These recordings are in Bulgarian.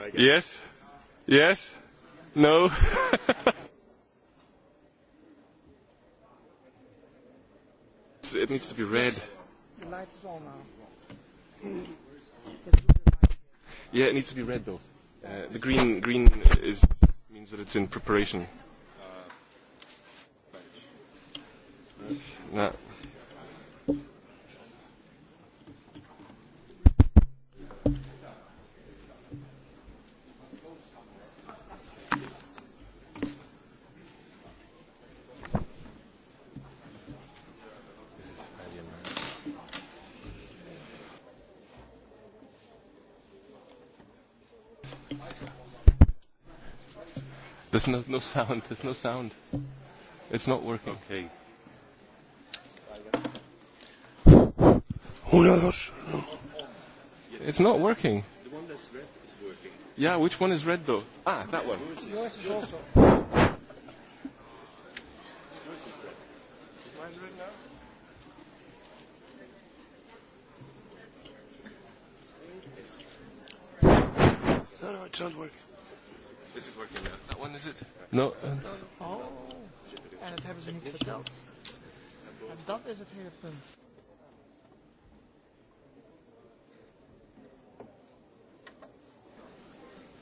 I guess. Yes? Yes? No? it needs to be red. The light is on now. Yeah, it needs to be red though. Uh, the green green is means that it's in preparation. Uh, no. There's no, no sound. There's no sound. It's not working. Okay. It's not working. The one that's red is working. Yeah, which one is red though? Ah, that one. Yours is also. No. Oh, en dat hebben ze niet verteld. En dat is het hele punt.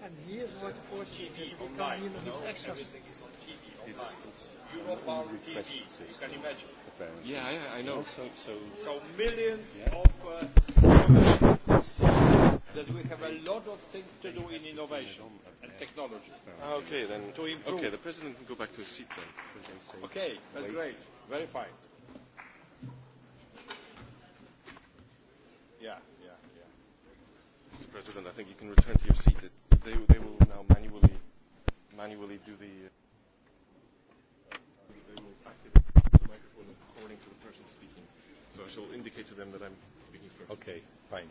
En hier wordt de voorzitter. Ik kan hier nog iets extra's. It's, it's Eurobound TV, you can imagine. Yeah, yeah, I know. So, so, so millions yeah. of uh, that we have a lot of things to do in innovation technology. Ah, okay, then. To improve. Okay, the president can go back to his seat then. Okay, that's great. Very fine. Yeah, yeah, yeah. Mr. President, I think you can return to your seat. They, they will now manually, manually do the. They will activate the microphone according to the person speaking. So I shall indicate to them that I'm speaking first. Okay, fine.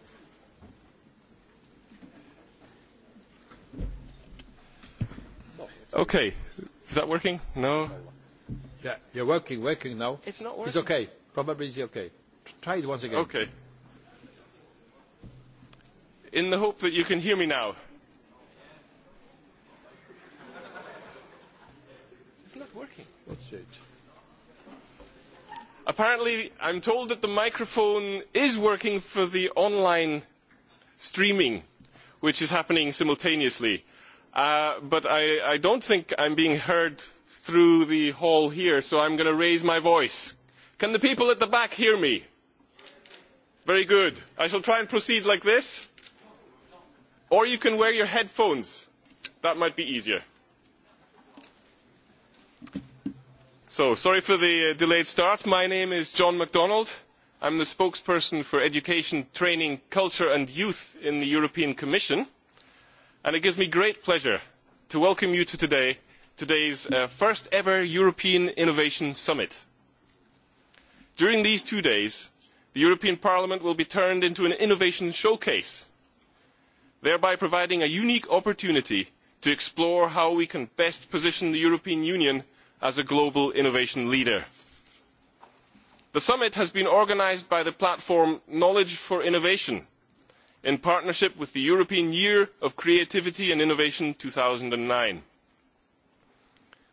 Okay. Is that working? No? Yeah, you're working, working now. It's not working. It's okay. Probably it's okay. Try it once again. Okay. In the hope that you can hear me now. It's not working. What's change. Apparently, I'm told that the microphone is working for the online streaming, which is happening simultaneously but I, I don't think I am being heard through the hall here, so I'm going to raise my voice. Can the people at the back hear me? Very good. I shall try and proceed like this. Or you can wear your headphones. That might be easier. So, sorry for the delayed start. My name is John MacDonald. I'm the spokesperson for education, training, culture and youth in the European Commission and it gives me great pleasure to welcome you to today, today's first ever European Innovation Summit. During these two days, the European Parliament will be turned into an innovation showcase, thereby providing a unique opportunity to explore how we can best position the European Union as a global innovation leader. The summit has been organised by the platform Knowledge for Innovation – in partnership with the European Year of Creativity and Innovation two thousand nine.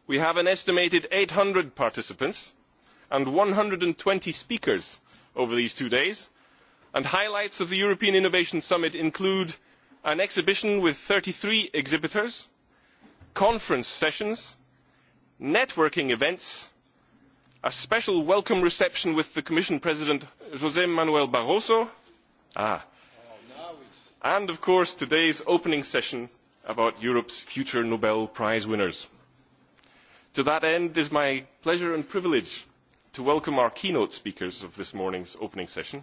We have an estimated eight hundred participants and one hundred and twenty speakers over these two days, and highlights of the European Innovation Summit include an exhibition with thirty three exhibitors, conference sessions, networking events, a special welcome reception with the Commission President José Manuel Barroso, ah, and of course today's opening session about Europe's future Nobel Prize winners. To that end, it is my pleasure and privilege to welcome our keynote speakers of this morning's opening session.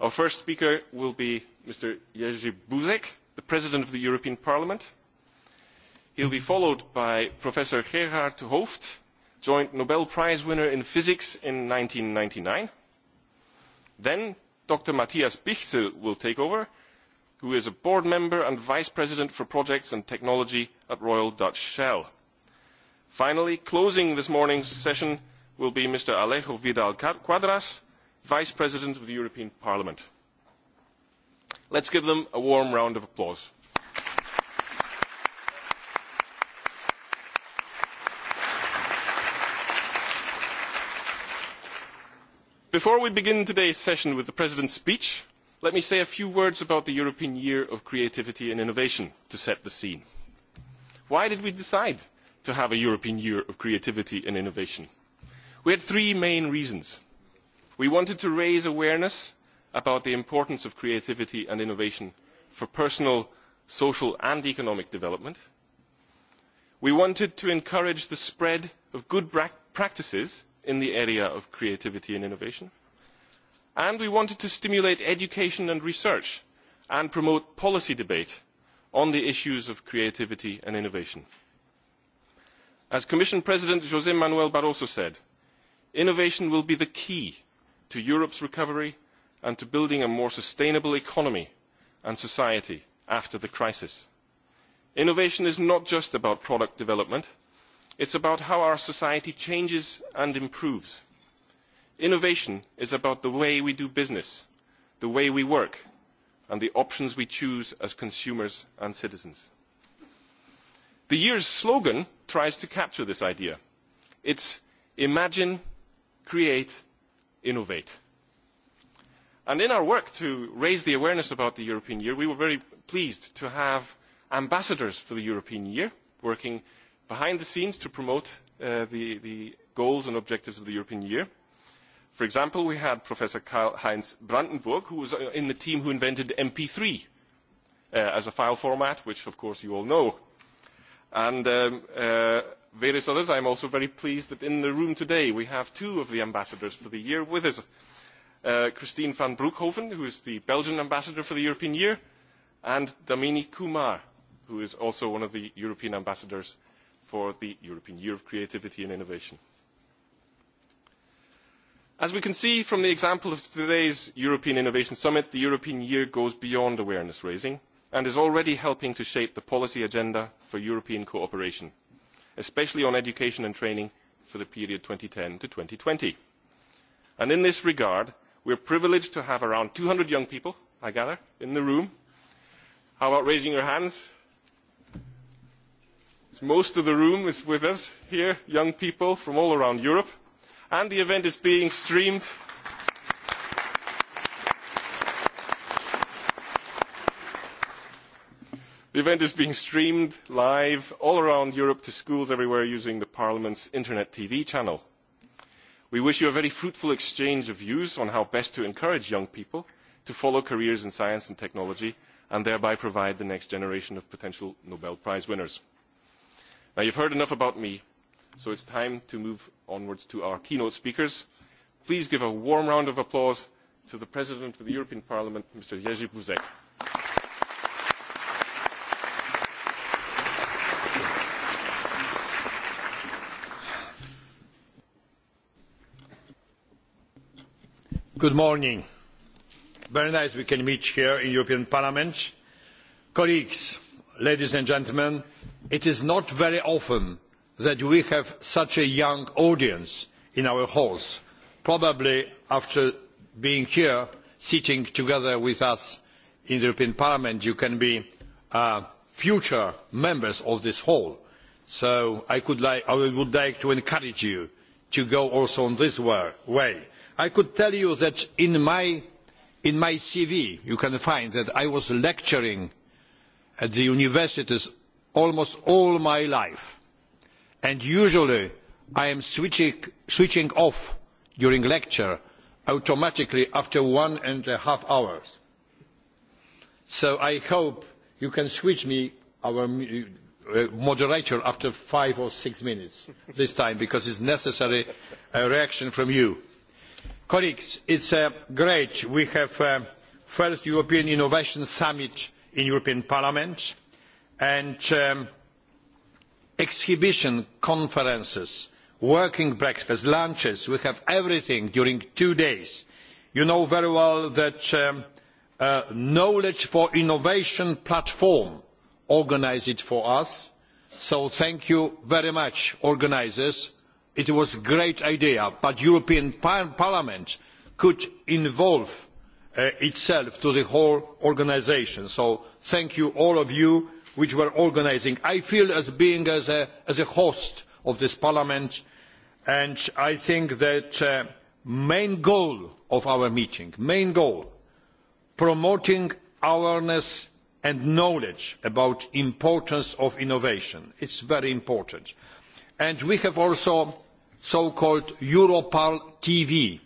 Our first speaker will be Mr. Jerzy Buzek, the President of the European Parliament. He will be followed by Professor Gerhard Hooft, joint Nobel Prize winner in physics in ninety nine. Then Dr. Matthias Bichsel will take over who is a board member and vice president for projects and technology at Royal Dutch Shell. Finally, closing this morning's session will be Mr. Alejo Vidal Quadras, vice president of the European Parliament. Let's give them a warm round of applause. Before we begin today's session with the President's speech, let me say a few words about the European Year of Creativity and Innovation to set the scene. Why did we decide to have a European Year of Creativity and Innovation? We had three main reasons. We wanted to raise awareness about the importance of creativity and innovation for personal, social and economic development. We wanted to encourage the spread of good practices in the area of creativity and innovation and we wanted to stimulate education and research and promote policy debate on the issues of creativity and innovation. As Commission President José Manuel Barroso said, innovation will be the key to Europe's recovery and to building a more sustainable economy and society after the crisis. Innovation is not just about product development, it is about how our society changes and improves Innovation is about the way we do business, the way we work, and the options we choose as consumers and citizens. The year's slogan tries to capture this idea. It's imagine, create, innovate. And in our work to raise the awareness about the European year, we were very pleased to have ambassadors for the European year working behind the scenes to promote the, goals and objectives of the European year. For example, we had Professor Karl-Heinz Brandenburg, who was in the team who invented MP3 as a file format, which of course you all know. And various others, I am also very pleased that in the room today we have two of the ambassadors for the year with us. Christine van Broekhoven, who is the Belgian ambassador for the European year, and Damini Kumar, who is also one of the European ambassadors for the European Year of Creativity and Innovation. As we can see from the example of today's European Innovation Summit, the European Year goes beyond awareness raising and is already helping to shape the policy agenda for European cooperation, especially on education and training for the period ten to thousand And in this regard, we are privileged to have around two hundred young people, I gather, in the room. How about raising your hands? Most of the room is with us here, young people from all around Europe and the event is being streamed The event is being streamed live all around Europe to schools everywhere using the Parliament's Internet TV channel. We wish you a very fruitful exchange of views on how best to encourage young people to follow careers in science and technology and thereby provide the next generation of potential Nobel Prize winners. Now, you've heard enough about me. So it's time to move onwards to our keynote speakers. Please give a warm round of applause to the President of the European Parliament, Mr. Jerzy Buzek. Good morning. Very nice we can meet here in European Parliament. Colleagues, ladies and gentlemen, it is not very often that we have such a young audience in our halls, probably after being here, sitting together with us in the European Parliament, you can be future members of this hall. So I, could like, I would like to encourage you to go also in this way. I could tell you that in my, in my CV, you can find that I was lecturing at the universities almost all my life and usually I am switching off during lecture automatically after one and a half hours. So I hope you can switch me, our moderator, after five or six minutes this time, because it is necessary a reaction from you. Colleagues, it is great. We have the first European Innovation Summit in the European Parliament, and exhibition conferences working breakfasts lunches we have everything during two days. you know very well that the knowledge for innovation platform organised it for us so thank you very much organisers it was a great idea but the european parliament could involve itself in the whole organisation so thank you all of you which were organising. I feel as being as a, as a host of this parliament and I think that the main goal of our meeting, main goal, promoting awareness and knowledge about the importance of innovation. It is very important. And we have also so-called Europal TV,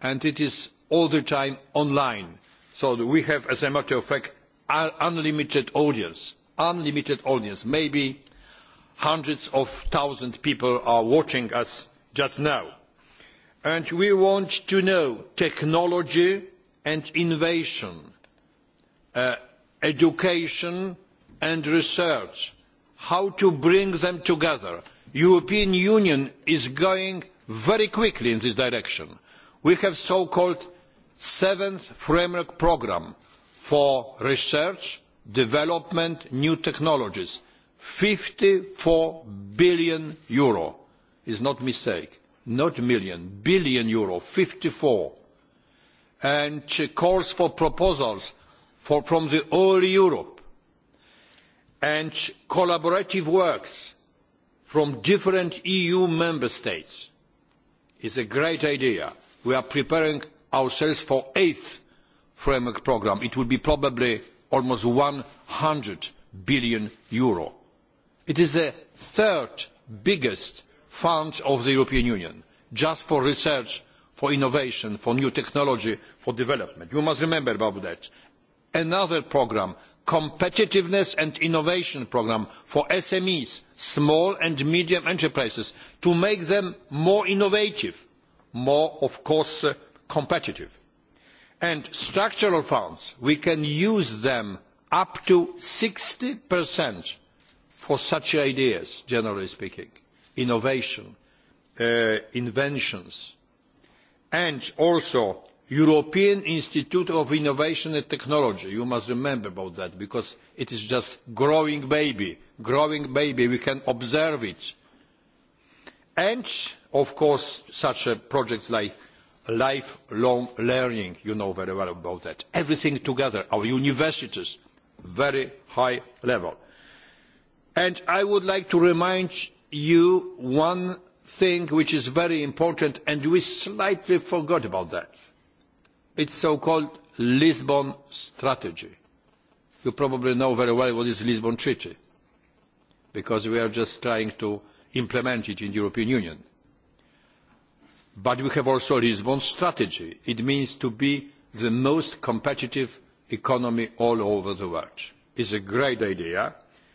and it is all the time online. So we have, as a matter of fact, an unlimited audience unlimited audience. Maybe hundreds of thousands of people are watching us just now. And we want to know technology and innovation, education and research, how to bring them together. The European Union is going very quickly in this direction. We have so-called seventh framework programme for research development, new technologies. fifty four billion euro is not a mistake, not million, billion euro, fifty four. And calls for proposals from the whole Europe and collaborative works from different EU member states is a great idea. We are preparing ourselves for the eighth framework programme. It will be probably almost EUR one hundred billion It is the third biggest fund of the European Union, just for research, for innovation, for new technology, for development. You must remember about that. Another programme, competitiveness and innovation programme for SMEs, small and medium enterprises, to make them more innovative, more, of course, competitive and structural funds, we can use them up to 60% for such ideas, generally speaking, innovation, inventions, and also European Institute of Innovation and Technology. You must remember about that because it is just growing baby, growing baby. We can observe it. And, of course, such projects like lifelong learning, you know very well about that. Everything together, our universities, very high level. And I would like to remind you one thing which is very important and we slightly forgot about that. It's so-called Lisbon strategy. You probably know very well what is the Lisbon Treaty because we are just trying to implement it in the European Union But we have also Lisbon strategy. It means to be the most competitive economy all over the world. It is a great idea.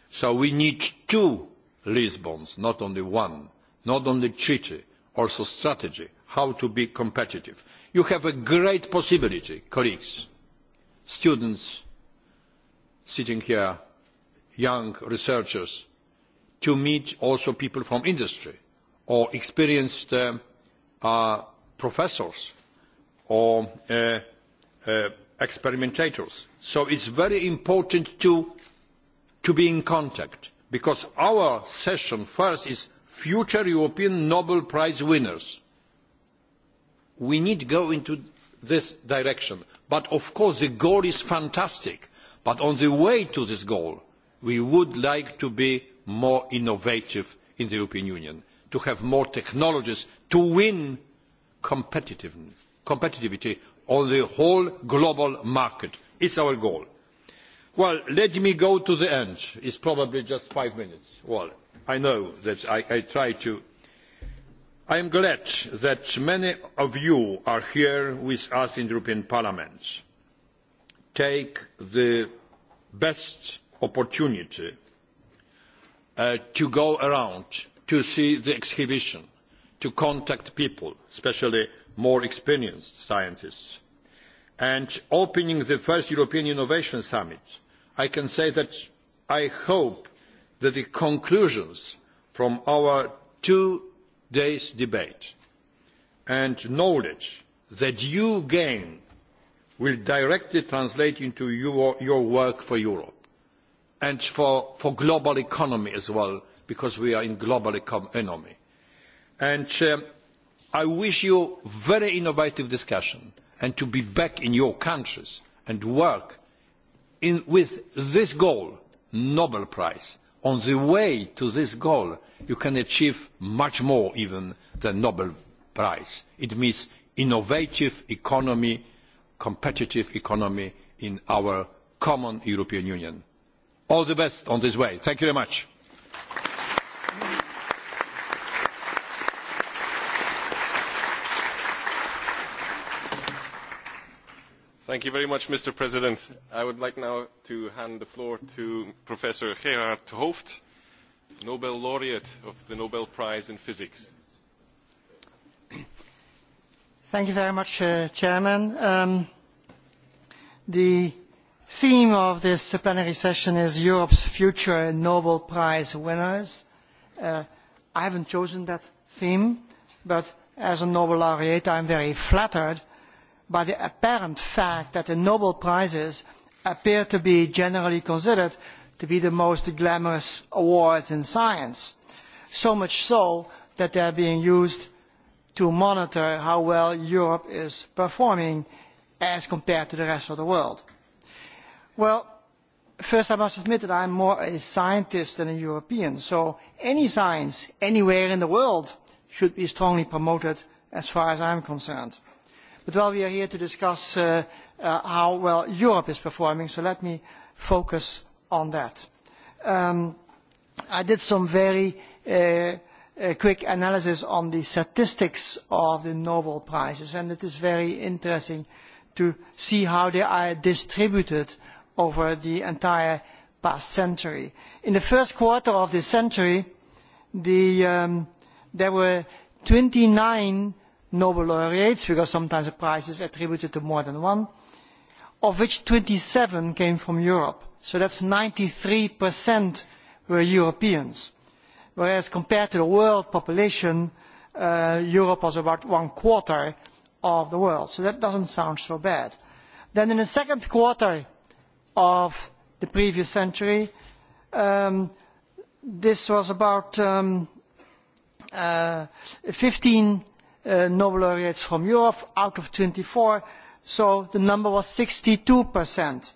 So we need two Lisbons, not only one, not only treaty, also strategy, how to be competitive. You have a great possibility, colleagues, students sitting here, young researchers, to meet also people from industry or experienced professors or experimentators. So it is very important to, be in contact because our session first is future European Nobel Prize winners. We need to go into this direction. But of course the goal is fantastic. But on the way to this goal, we would like to be more innovative in the European Union to have more technologies to win competitivity on the whole global market. It is our goal. Well, let me go to the end. It is probably just five minutes. Well, I know that I, I try to. I am glad that many of you are here with us in the European Parliament. Take the best opportunity to go around to see the exhibition, to contact people, especially more experienced scientists. And opening the first European Innovation Summit, I can say that I hope that the conclusions from our two days debate and knowledge that you gain will directly translate into your, work for Europe and for, for global economy as well because we are in global economy. And I wish you very innovative discussion and to be back in your countries and work with this goal, Nobel Prize. On the way to this goal, you can achieve much more even than Nobel Prize. It means innovative economy, competitive economy in our common European Union. All the best on this way. Thank you very much. Thank you very much, Mr. President. I would like now to hand the floor to Professor Gerhard Hooft, Nobel laureate of the Nobel Prize in Physics. Thank you very much, uh, Chairman. Um, the theme of this plenary session is Europe's future Nobel Prize winners. Uh, I haven't chosen that theme, but as a Nobel laureate, I'm very flattered uh, by the apparent fact that the Nobel Prizes appear to be generally considered to be the most glamorous awards in science, so much so that they are being used to monitor how well Europe is performing as compared to the rest of the world. Well, first I must admit that I am more a scientist than a European, so any science anywhere in the world should be strongly promoted as far as I am concerned But while we are here to discuss how well Europe is performing, so let me focus on that. I did some very quick analysis on the statistics of the Nobel Prizes, and it is very interesting to see how they are distributed over the entire past century. In the first quarter of this century, there were twenty nine Nobel laureates, because sometimes a prize is attributed to more than one, of which twenty seven came from Europe. So that's 93% were Europeans. Whereas compared to the world population, Europe was about one quarter of the world. So that doesn't sound so bad. Then in the second quarter of the previous century, this was about fifteen nobel laureates from europe out of twenty four so the number was sixty two percent.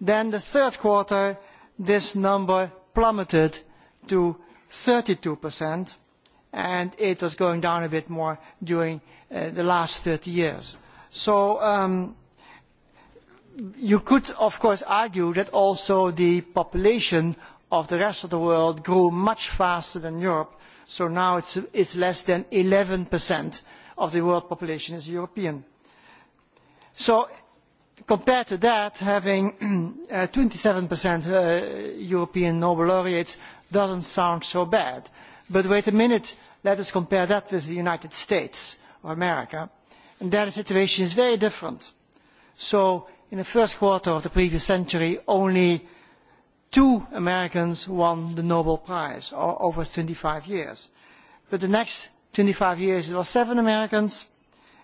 then the third quarter this number plummeted to thirty two percent and it was going down a bit more during the last thirty years. So you could, of course, argue that also the population of the rest of the world grew much faster than Europe, So now it's, it's less than 11% of the world population is European. So compared to that, having uh, 27% uh, European Nobel laureates doesn't sound so bad. But wait a minute, let us compare that with the United States or America. And there the situation is very different. So in the first quarter of the previous century, only two Americans won the Nobel Prize over twenty five years. But the next twenty five years, it was seven Americans,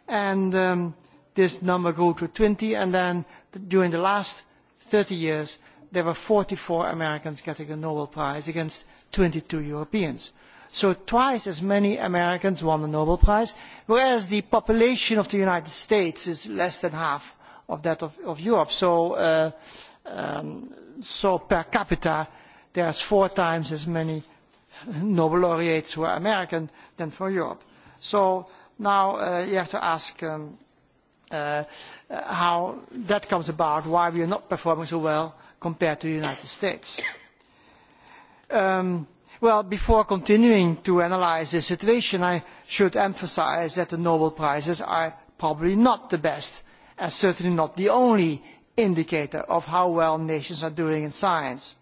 and this number grew to twenty, and then during the last thirty years, there were forty four Americans getting a Nobel Prize against twenty two Europeans. So twice as many Americans won the Nobel Prize, whereas the population of the United States is less than half of that of, Europe. So so per capita there are four times as many Nobel laureates who are American than for Europe. So now uh, you have to ask um, uh, how that comes about, why we are not performing so well compared to the United States. Um, well, before continuing to analyze the situation, I should emphasize that the Nobel Prizes are probably not the best and certainly not the only indicator of how well nations are doing in science.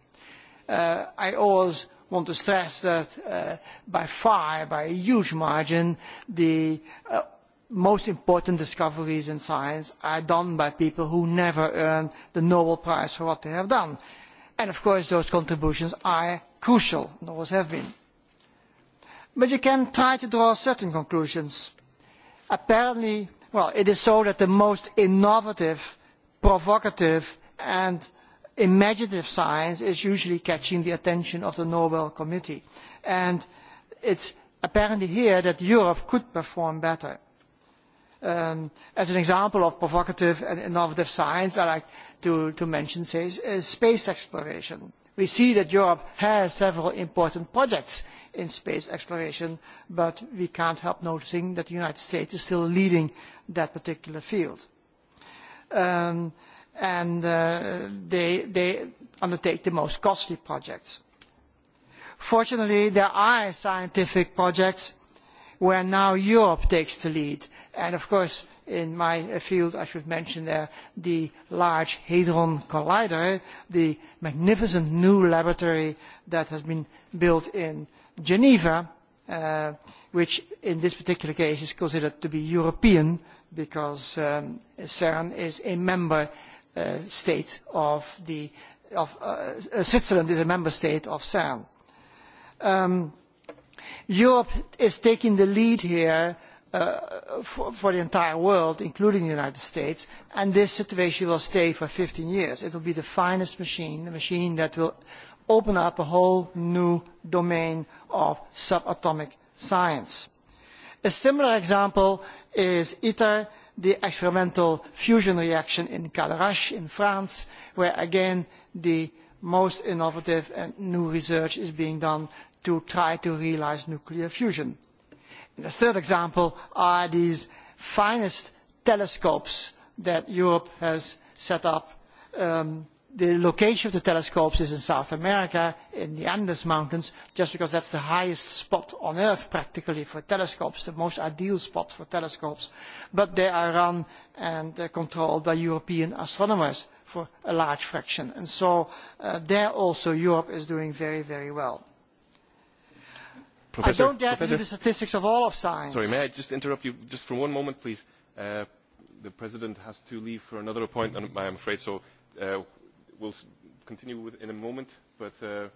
I always want to stress that by far, by a huge margin, the most important discoveries in science are done by people who never earn the Nobel Prize for what they have done. And of course, those contributions are crucial and always have been. But you can try to draw certain conclusions. Apparently, well, it is so that the most innovative provocative and imaginative science is usually catching the attention of the Nobel Committee. And it's apparently here that Europe could perform better. as an example of provocative and innovative science, I like to, to mention say, is space exploration. We see that Europe has several important projects in space exploration, but we can't help noticing that the United States is still leading that particular field and they undertake the most costly projects. Fortunately, there are scientific projects where now Europe takes the lead. And of course, in my field, I should mention there the Large Hadron Collider, the magnificent new laboratory that has been built in Geneva, which in this particular case is considered to be European because CERN is a member state of the of Switzerland is a member state of CERN. Europe is taking the lead here for the entire world, including the United States, and this situation will stay for fifteen years. It will be the finest machine, the machine that will open up a whole new domain of subatomic science. A similar example is ITER, the experimental fusion reaction in Calarache in France, where again the most innovative and new research is being done to try to realise nuclear fusion. the third example are these finest telescopes that Europe has set up the location of the telescopes is in South America, in the Andes Mountains, just because that's the highest spot on Earth practically for telescopes, the most ideal spot for telescopes. But they are run and controlled by European astronomers for a large fraction. And so there also Europe is doing very, very well. I don't dare to do the statistics of all of science. Sorry, may I just interrupt you just for one moment, please? the President has to leave for another appointment, I'm afraid, so will continue with in a moment. But, uh,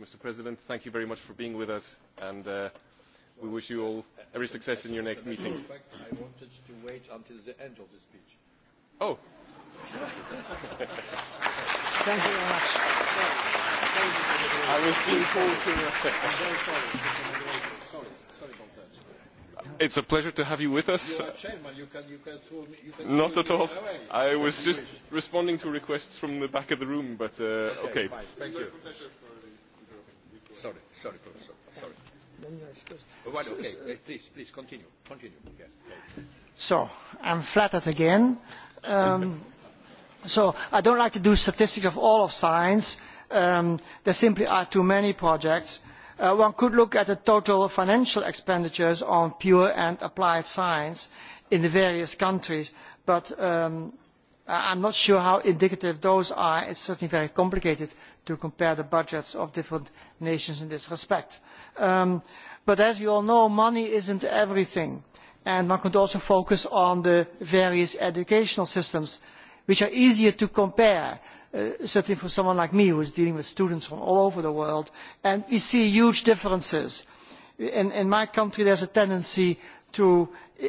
Mr. President, thank you very much for being with us, and uh, we wish you all every success in your next meetings. I wanted to wait until the end of the speech. Oh. thank you very much. I was looking forward to it. I'm very sorry. It's a pleasure to have you with us. You are chairman. You can, you can throw, you can Not at all. I was just responding to requests from the back of the room, but uh, okay. okay. Fine. Thank you. Sorry, sorry, professor. Sorry. okay. Please, please continue. Continue. Yes. So I'm flattered again. Um, so I don't like to do statistics of all of science. Um, there simply are too many projects one could look at the total financial expenditures on pure and applied science in the various countries, but I am not sure how indicative those are. It is certainly very complicated to compare the budgets of different nations in this respect. but as you all know, money is not everything. And one could also focus on the various educational systems, which are easier to compare certainly for someone like me who is dealing with students from all over the world, and we see huge differences. In, in my country, there's a tendency to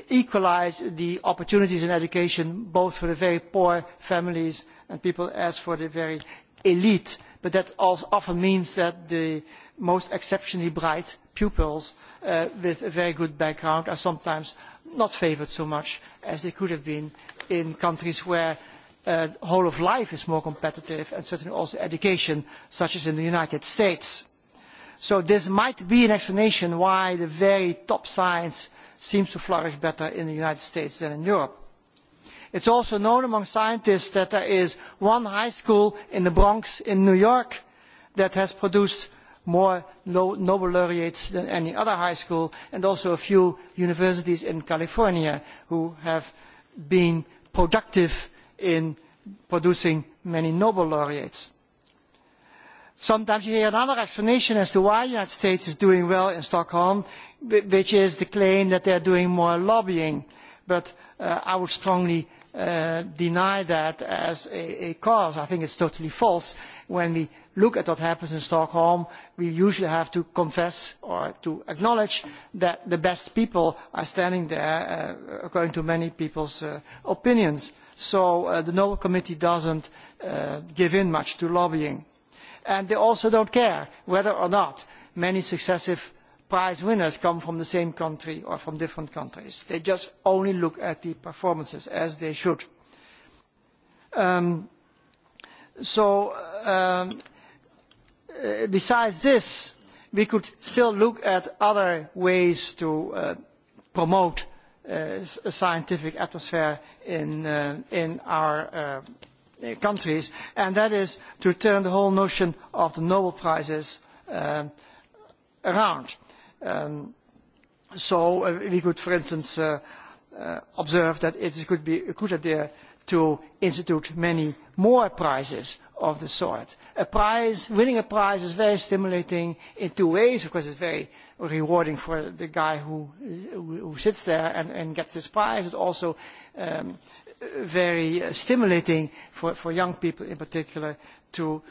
equalise the opportunities in education, both for the very poor families and people as for the very elite. But that also often means that the most exceptionally bright pupils with a very good background are sometimes not favoured so much as they could have been in countries where the whole of life is more competitive and certainly also education, such as in the United States. So this might be an explanation why the very top science seems to flourish better in the United States than in Europe. It is also known among scientists that there is one high school in the Bronx in New York that has produced more Nobel laureates than any other high school, and also a few universities in California who have been productive in producing many Nobel laureates. Sometimes you hear another explanation as to why the United States is doing well in Stockholm, which is the claim that they are doing more lobbying. But I would strongly deny that as a, cause. I think it is totally false. When we look at what happens in Stockholm, we usually have to confess or to acknowledge that the best people are standing there, according to many people's opinions so the Nobel Committee doesn't give in much to lobbying. And they also don't care whether or not many successive prize winners come from the same country or from different countries. They just only look at the performances, as they should. so besides this, we could still look at other ways to promote scientific atmosphere in our countries, and that is to turn the whole notion of the Nobel Prizes around. so we could, for instance, observe that it could be a good idea to institute many more prizes of the sort. A prize, winning a prize is very stimulating in two ways. Of course, it's very rewarding for the guy who who sits there and, and gets this prize, but also um, very stimulating for, for young people in particular to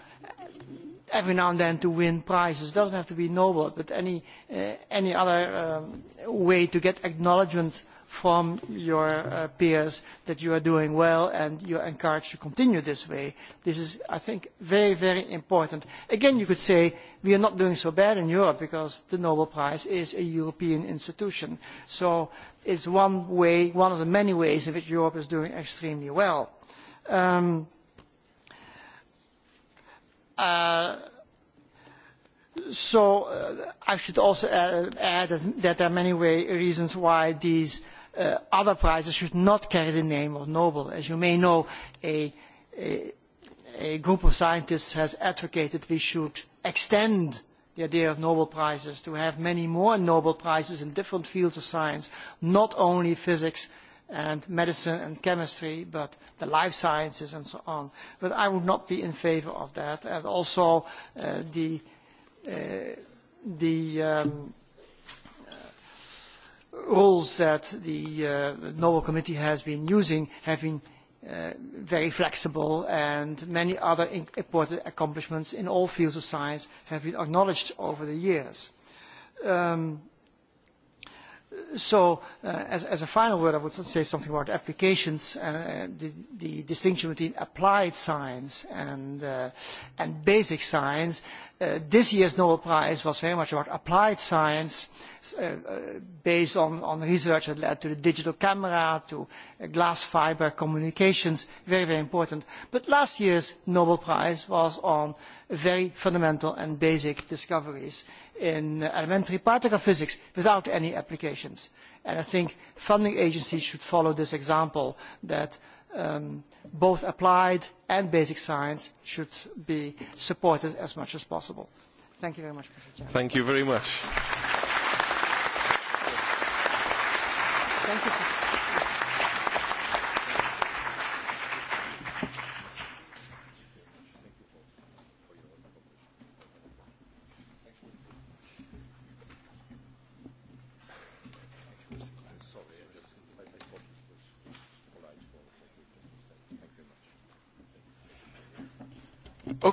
every now and then to win prizes. It doesn't have to be Nobel, but any uh, any other um, way to get acknowledgement from your peers that you are doing well and you are encouraged to continue this way. This is, I think, very, very important. Again, you could say we are not doing so bad in Europe because the Nobel Prize is a European institution. So it's one way, one of the many ways in which Europe is doing extremely well. so I should also add that there are many reasons why these other prizes should not carry the name of Nobel. As you may know, a, group of scientists has advocated we should extend the idea of Nobel Prizes to have many more Nobel Prizes in different fields of science, not only physics and medicine and chemistry, but the life sciences and so on. But I would not be in favour of that. And also the, rules that the Nobel Committee has been using have been very flexible and many other important accomplishments in all fields of science have been acknowledged over the years. Um, So as, a final word, I would say something about applications, and the, the distinction between applied science and, and basic science. this year's Nobel Prize was very much about applied science based on, on research that led to the digital camera, to glass fiber communications, very, very important. But last year's Nobel Prize was on very fundamental and basic discoveries in elementary particle physics without any applications. And I think funding agencies should follow this example that both applied and basic science should be supported as much as possible. Thank you very much. Thank you very much. Thank you.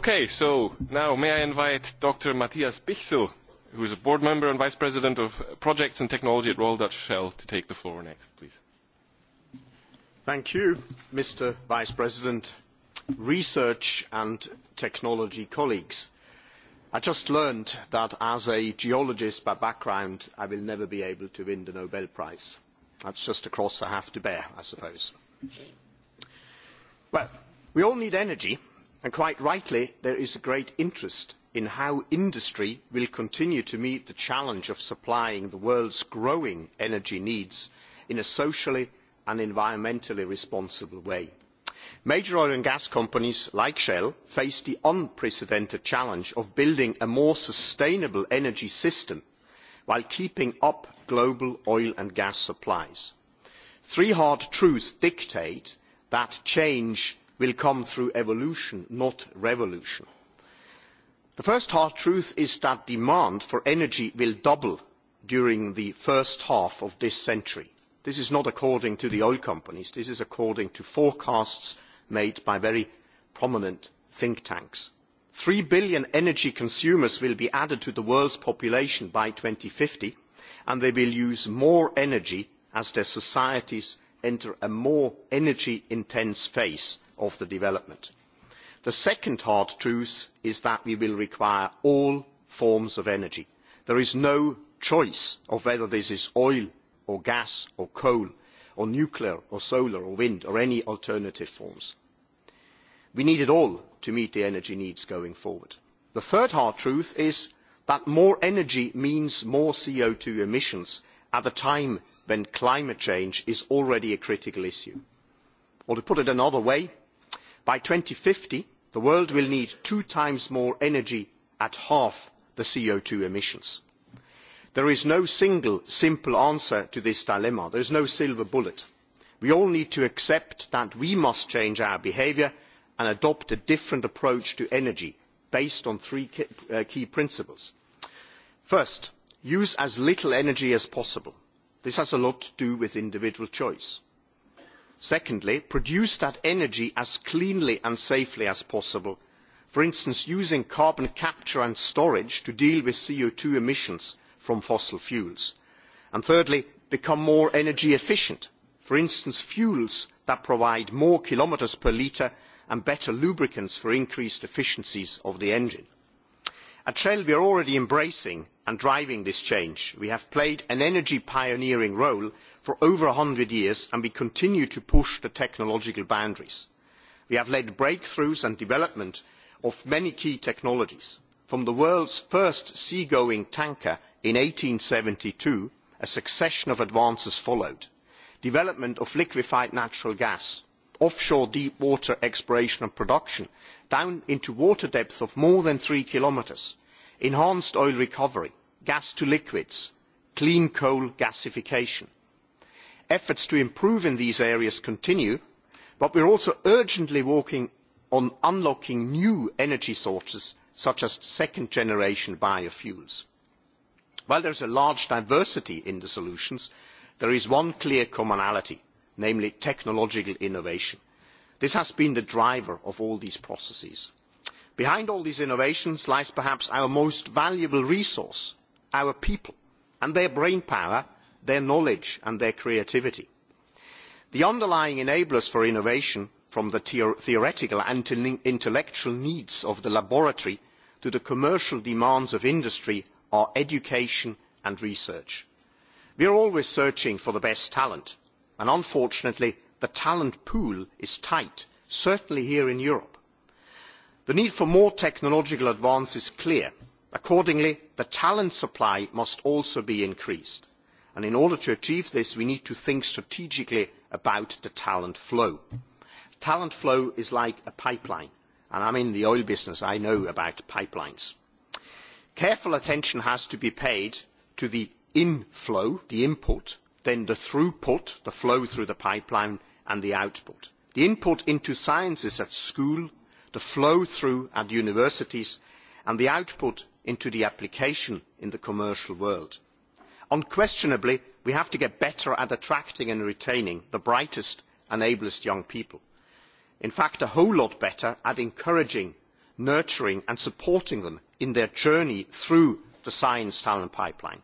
Okay, so now may I invite Dr. Matthias Bichsel, who is a board member and vice president of projects and technology at Royal Dutch Shell, to take the floor next, please. Thank you, Mr. Vice President, research and technology colleagues. I just learned that as a geologist by background, I will never be able to win the Nobel Prize. That's just a cross I have to bear, I suppose. Well, we all need energy and quite rightly there is a great interest in how industry will continue to meet the challenge of supplying the world's growing energy needs in a socially and environmentally responsible way. Major oil and gas companies like Shell face the unprecedented challenge of building a more sustainable energy system while keeping up global oil and gas supplies. Three hard truths dictate that change will come through evolution, not revolution. The first hard truth is that demand for energy will double during the first half of this century. This is not according to the oil companies. This is according to forecasts made by very prominent think tanks. Three billion energy consumers will be added to the world's population by fifty, and they will use more energy as their societies enter a more energy-intense phase of the development. The second hard truth is that we will require all forms of energy. There is no choice of whether this is oil or gas or coal or nuclear or solar or wind or any alternative forms. We need it all to meet the energy needs going forward. The third hard truth is that more energy means more co two emissions at a time when climate change is already a critical issue. Or to put it another way, By fifty the world will need two times more energy at half the co two emissions. There is no single simple answer to this dilemma. There is no silver bullet. We all need to accept that we must change our behaviour and adopt a different approach to energy based on three key principles. First, use as little energy as possible. This has a lot to do with individual choice secondly produce that energy as cleanly and safely as possible for instance using carbon capture and storage to deal with co two emissions from fossil fuels and thirdly become more energy efficient for instance fuels that provide more kilometres per litre and better lubricants for increased efficiencies of the engine at shell we are already embracing and driving this change. we have played an energy pioneering role for over a hundred years and we continue to push the technological boundaries. we have led breakthroughs and development of many key technologies from the world's first seagoing tanker in one thousand eight hundred and seventy two a succession of advances followed development of liquefied natural gas offshore deep water exploration and production down into water depths of more than three kilometres, enhanced oil recovery, gas to liquids, clean coal gasification. Efforts to improve in these areas continue, but we are also urgently working on unlocking new energy sources such as second generation biofuels. While there is a large diversity in the solutions, there is one clear commonality namely technological innovation. This has been the driver of all these processes. Behind all these innovations lies perhaps our most valuable resource, our people, and their brain power, their knowledge and their creativity. The underlying enablers for innovation, from the theoretical and intellectual needs of the laboratory to the commercial demands of industry, are education and research. We are always searching for the best talent, and unfortunately the talent pool is tight, certainly here in Europe. The need for more technological advance is clear. Accordingly, the talent supply must also be increased. And in order to achieve this, we need to think strategically about the talent flow. Talent flow is like a pipeline, and I am in the oil business, I know about pipelines. Careful attention has to be paid to the inflow, the input, then the throughput, the flow through the pipeline, and the output. The input into science is at school, the flow through at universities, and the output into the application in the commercial world. Unquestionably, we have to get better at attracting and retaining the brightest and ablest young people. In fact, a whole lot better at encouraging, nurturing and supporting them in their journey through the science talent pipeline.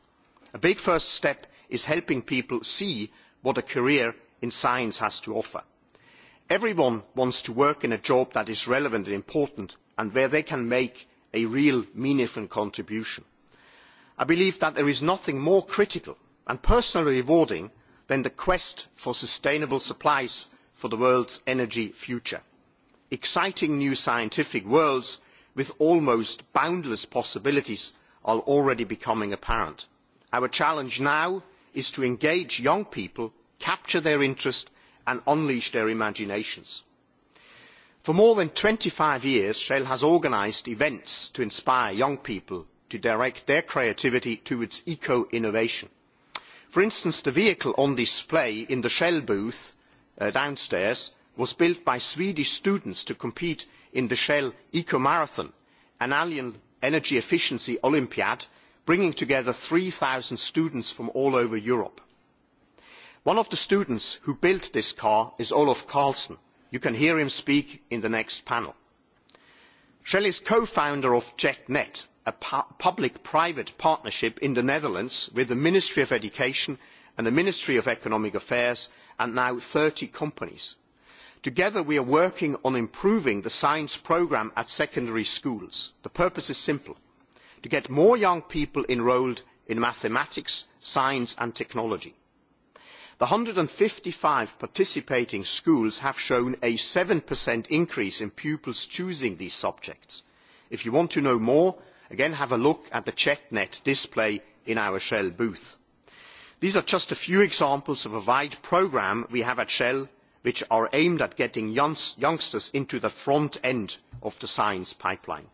A big first step is helping people see what a career in science has to offer. Everyone wants to work in a job that is relevant and important and where they can make a real meaningful contribution. I believe that there is nothing more critical and personally rewarding than the quest for sustainable supplies for the world's energy future. Exciting new scientific worlds with almost boundless possibilities are already becoming apparent. Our challenge now is to engage young people, capture their interest and unleash their imaginations. For more than twenty five years, Shell has organised events to inspire young people to direct their creativity towards eco-innovation. For instance, the vehicle on display in the Shell booth downstairs was built by Swedish students to compete in the Shell Eco Marathon, an annual energy efficiency Olympiad bringing together three 3,000 students from all over Europe. One of the students who built this car is Olaf Carlsen. You can hear him speak in the next panel. Shell is co-founder of JetNet, a public-private partnership in the Netherlands with the Ministry of Education and the Ministry of Economic Affairs and now thirty companies. Together we are working on improving the science programme at secondary schools. The purpose is simple to get more young people enrolled in mathematics, science and technology. The one hundred and fifty five participating schools have shown a 7% increase in pupils choosing these subjects. If you want to know more, again have a look at the CheckNet display in our Shell booth. These are just a few examples of a wide programme we have at Shell which are aimed at getting youngsters into the front end of the science pipeline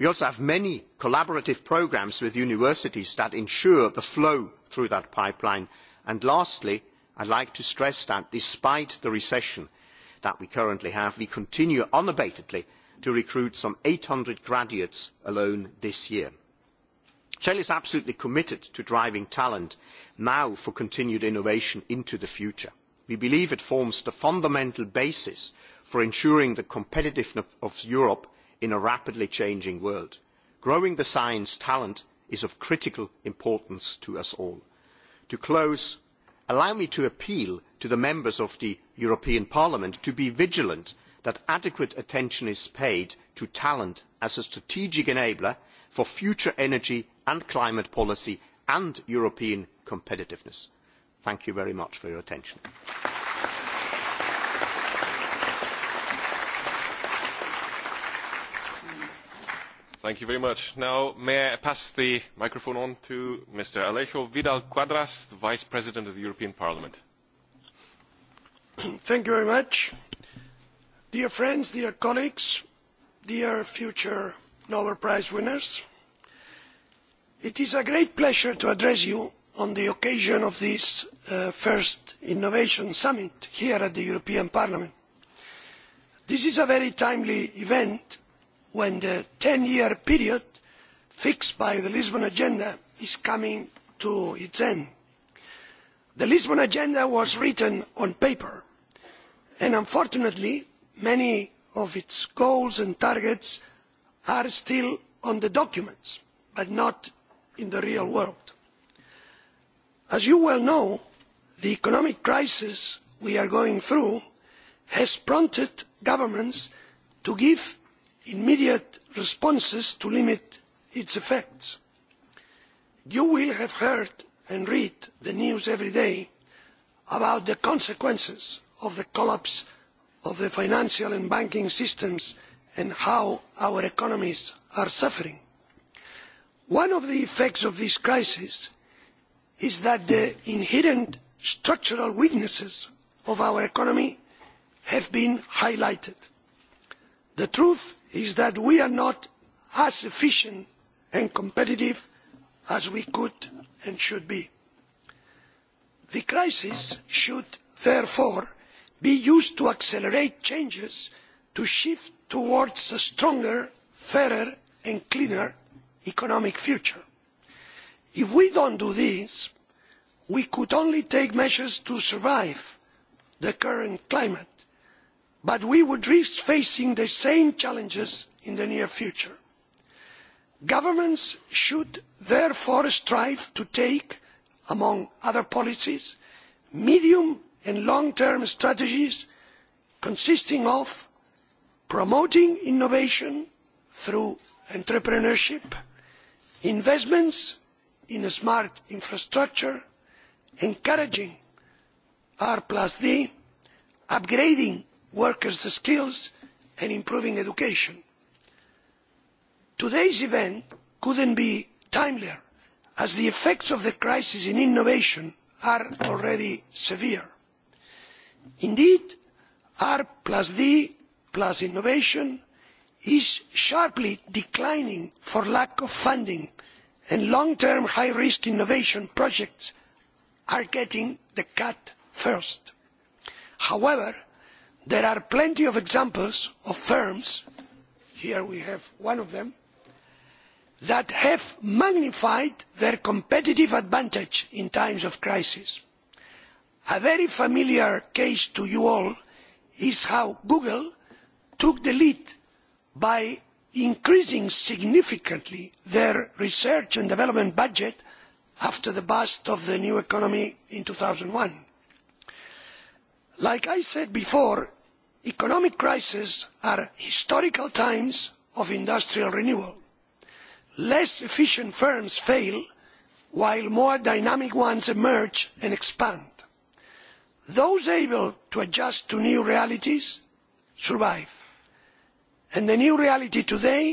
we also have many collaborative programmes with universities that ensure the flow through that pipeline and lastly i would like to stress that despite the recession that we currently have we continue unabatedly to recruit some eight hundred graduates alone this year. shell is absolutely committed to driving talent now for continued innovation into the future. we believe it forms the fundamental basis for ensuring the competitiveness of europe in a rapidly changing world. Growing the science talent is of critical importance to us all. To close, allow me to appeal to the members of the European Parliament to be vigilant that adequate attention is paid to talent as a strategic enabler for future energy and climate policy and European competitiveness. Thank you very much for your attention. Thank you very much. Now, may I pass the microphone on to Mr. Alejo Vidal Quadras, the Vice President of the European Parliament. Thank you very much. Dear friends, dear colleagues, dear future Nobel Prize winners, it is a great pleasure to address you on the occasion of this first Innovation Summit here at the European Parliament. This is a very timely event when the ten year period fixed by the lisbon agenda is coming to its end. the lisbon agenda was written on paper and unfortunately many of its goals and targets are still on the documents but not in the real world. as you well know the economic crisis we are going through has prompted governments to give immediate responses to limit its effects. you will have heard and read the news every day about the consequences of the collapse of the financial and banking systems and how our economies are suffering. one of the effects of this crisis is that the inherent structural weaknesses of our economy have been highlighted the truth is that we are not as efficient and competitive as we could and should be. the crisis should therefore be used to accelerate changes to shift towards a stronger fairer and cleaner economic future. if we do not do this we could only take measures to survive the current climate but we would risk facing the same challenges in the near future. governments should therefore strive to take among other policies medium and long term strategies consisting of promoting innovation through entrepreneurship investments in smart infrastructure encouraging r d upgrading workers' skills and improving education. Today's event could not be timelier, as the effects of the crisis in innovation are already severe. Indeed, R D plus innovation is sharply declining for lack of funding, and long-term high-risk innovation projects are getting the cut first. However, there are plenty of examples of firms here we have one of them that have magnified their competitive advantage in times of crisis. a very familiar case to you all is how google took the lead by increasing significantly their research and development budget after the bust of the new economy in. two thousand and one like i said before economic crises are historical times of industrial renewal. less efficient firms fail while more dynamic ones emerge and expand. those able to adjust to new realities survive and the new reality today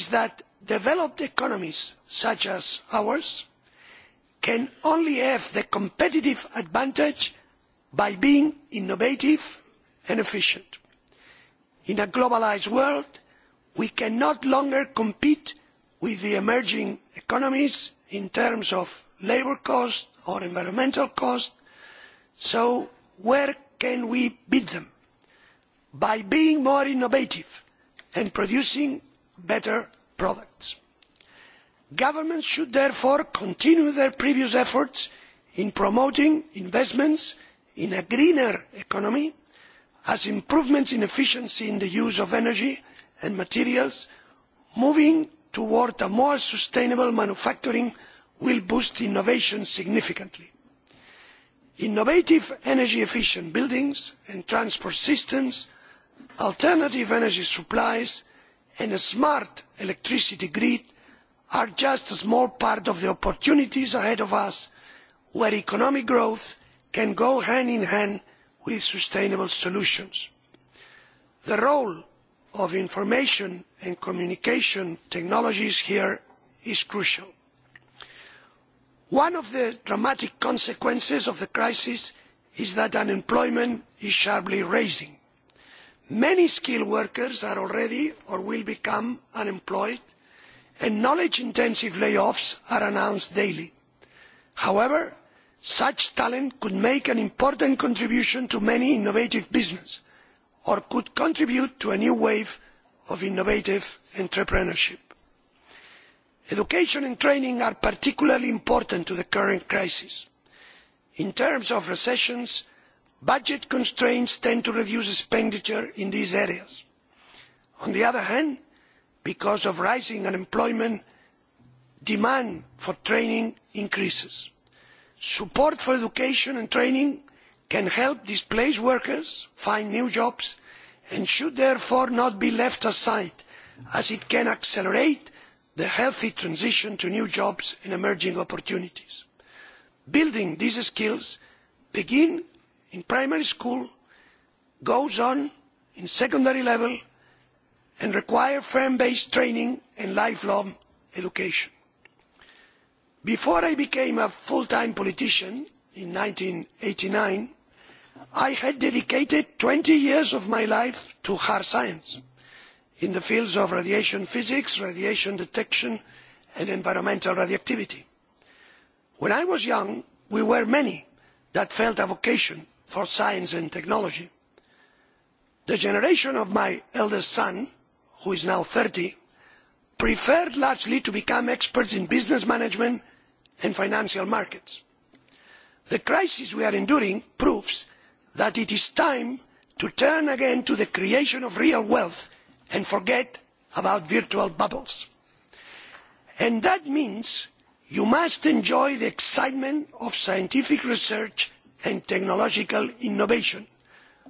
is that developed economies such as ours can only have the competitive advantage by being innovative and efficient. in a globalised world we can no longer compete with the emerging economies in terms of labour cost or environmental cost, so where can we beat them? by being more innovative and producing better products. governments should therefore continue their previous efforts in promoting investments in a greener economy as improvements in efficiency in the use of energy and materials moving toward a more sustainable manufacturing will boost innovation significantly. innovative energy efficient buildings and transport systems alternative energy supplies and a smart electricity grid are just a small part of the opportunities ahead of us where economic growth can go hand in hand with sustainable solutions. the role of information and communication technologies here is crucial. one of the dramatic consequences of the crisis is that unemployment is sharply rising. many skilled workers are already or will become unemployed and knowledge intensive layoffs are announced daily. however such talent could make an important contribution to many innovative businesses or could contribute to a new wave of innovative entrepreneurship. education and training are particularly important to the current crisis. in terms of recessions budget constraints tend to reduce expenditure in these areas. on the other hand because of rising unemployment demand for training increases support for education and training can help displaced workers find new jobs and should therefore not be left aside as it can accelerate the healthy transition to new jobs and emerging opportunities. building these skills begins in primary school goes on at secondary level and requires firm based training and lifelong education before i became a full time politician in one thousand nine hundred and eighty nine i had dedicated twenty years of my life to hard science in the fields of radiation physics radiation detection and environmental radioactivity. when i was young we were many that felt a vocation for science and technology. the generation of my eldest son who is now thirty preferred largely to become experts in business management and financial markets. the crisis we are enduring proves that it is time to turn again to the creation of real wealth and forget about virtual bubbles. and that means you must enjoy the excitement of scientific research and technological innovation.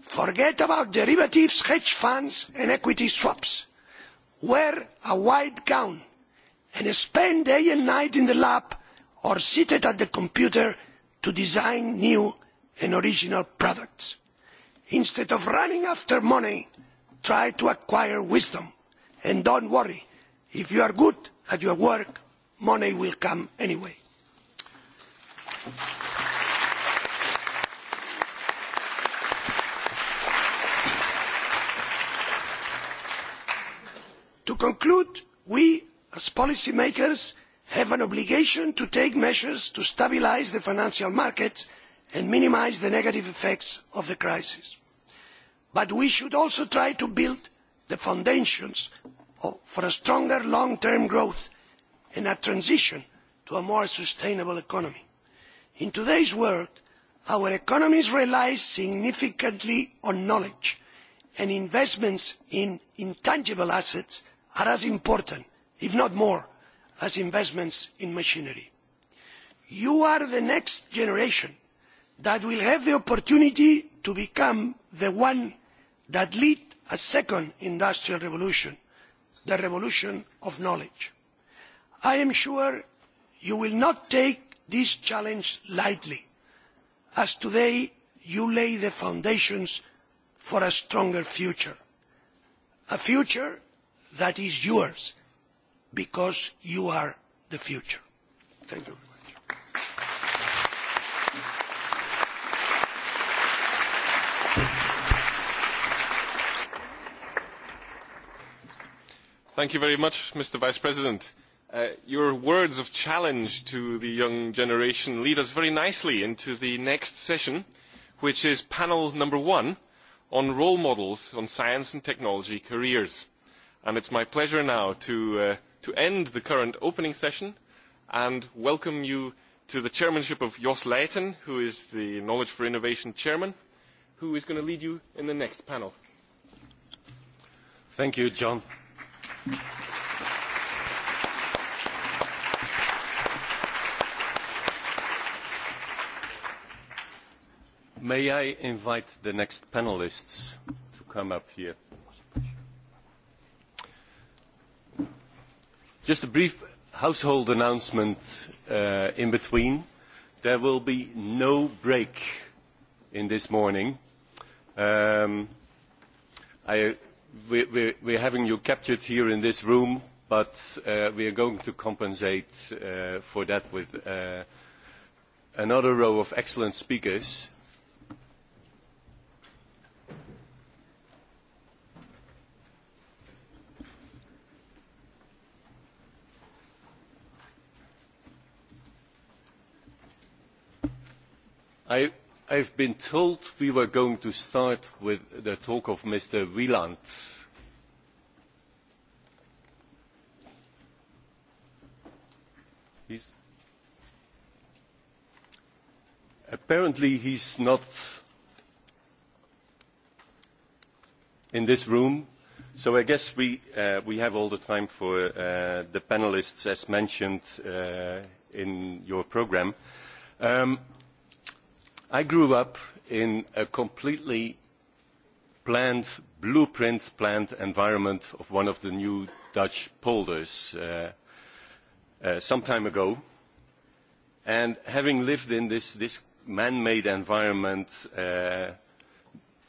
forget about derivatives hedge funds and equity swaps. wear a white gown and spend day and night in the lab or seated at the computer to design new and original products. instead of running after money try to acquire wisdom and do not worry if you are good at your work money will come anyway. to conclude we as policymakers have an obligation to take measures to stabilise the financial markets and minimise the negative effects of the crisis but we should also try to build the foundations for a stronger long term growth and a transition to a more sustainable economy. in today's world our economies rely significantly on knowledge and investments in intangible assets are as important if not more as investments in machinery. You are the next generation that will have the opportunity to become the one that leads a second industrial revolution, the revolution of knowledge. I am sure you will not take this challenge lightly, as today you lay the foundations for a stronger future, a future that is yours because you are the future. Thank you. Thank you very much, Mr. Vice President. your words of challenge to the young generation lead us very nicely into the next session, which is panel number one on role models on science and technology careers. And it's my pleasure now to to end the current opening session and welcome you to the chairmanship of Jos Leijten, who is the Knowledge for Innovation chairman, who is going to lead you in the next panel. Thank you, John. May I invite the next panelists to come up here? just a brief household announcement in between there will be no break in this morning we are having you captured here in this room but we are going to compensate for that with another row of excellent speakers I have been told we were going to start with the talk of Mr. Wieland. He's apparently is not in this room, so I guess we, uh, we have all the time for uh, the panelists as mentioned uh, in your programme. Um, I grew up in a completely planned, blueprint planned environment of one of the new Dutch polders some time ago. And having lived in this, this man-made environment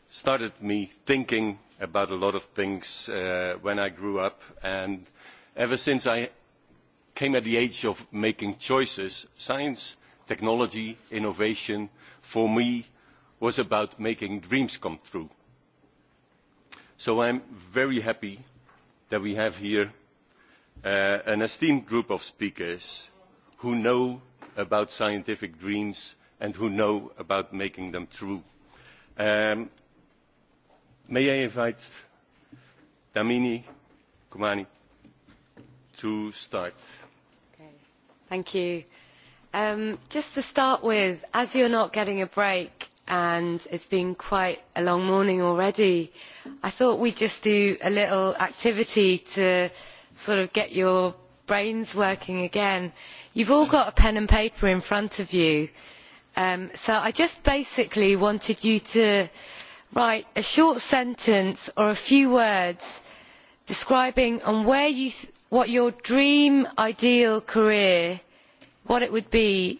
started me thinking about a lot of things when I grew up. And ever since I came at the age of making choices, science, technology, innovation for me was about making dreams come true. So I'm very happy that we have here an esteemed group of speakers who know about scientific dreams and who know about making them true. may I invite Damini Kumani to start. Okay. Thank you. Um, just to start with, as you're not getting a break and it's been quite a long morning already, I thought we'd just do a little activity to sort of get your brains working again. You've all got a pen and paper in front of you. Um, so I just basically wanted you to write a short sentence or a few words describing on where you th- what your dream ideal career what it would be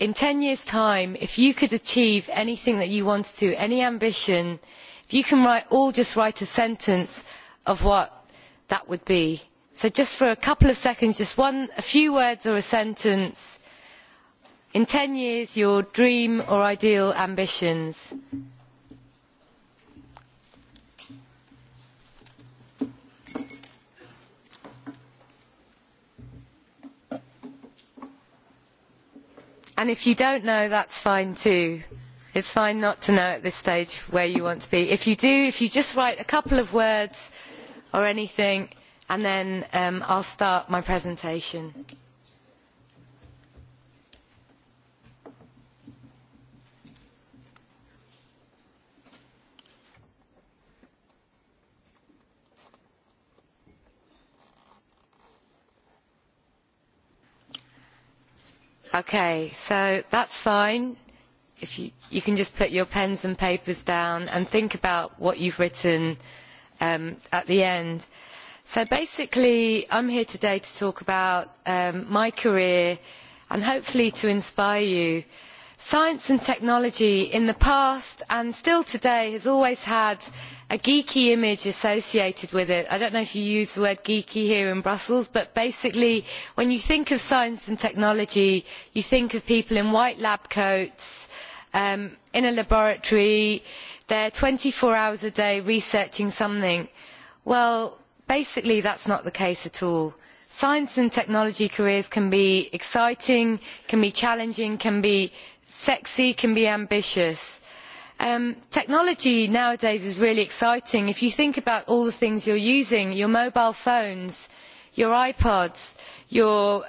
in ten years' time if you could achieve anything that you wanted to, any ambition, if you can write, all just write a sentence of what that would be. So just for a couple of seconds, just one, a few words or a sentence. In ten years, your dream or ideal ambitions. And if you don't know, that's fine too. It's fine not to know at this stage where you want to be. If you do, if you just write a couple of words or anything, and then um, I'll start my presentation. Okay, so that's fine. If you, you can just put your pens and papers down and think about what you've written um, at the end. So basically, I'm here today to talk about um, my career and hopefully to inspire you. Science and technology in the past and still today has always had a geeky image associated with it. I don't know if you use the word geeky here in Brussels, but basically when you think of science and technology, you think of people in white lab coats, in a laboratory, they're twenty four hours a day researching something. Well, basically that's not the case at all. Science and technology careers can be exciting, can be challenging, can be sexy, can be ambitious technology nowadays is really exciting. if you think about all the things you are using your mobile phones your ipods your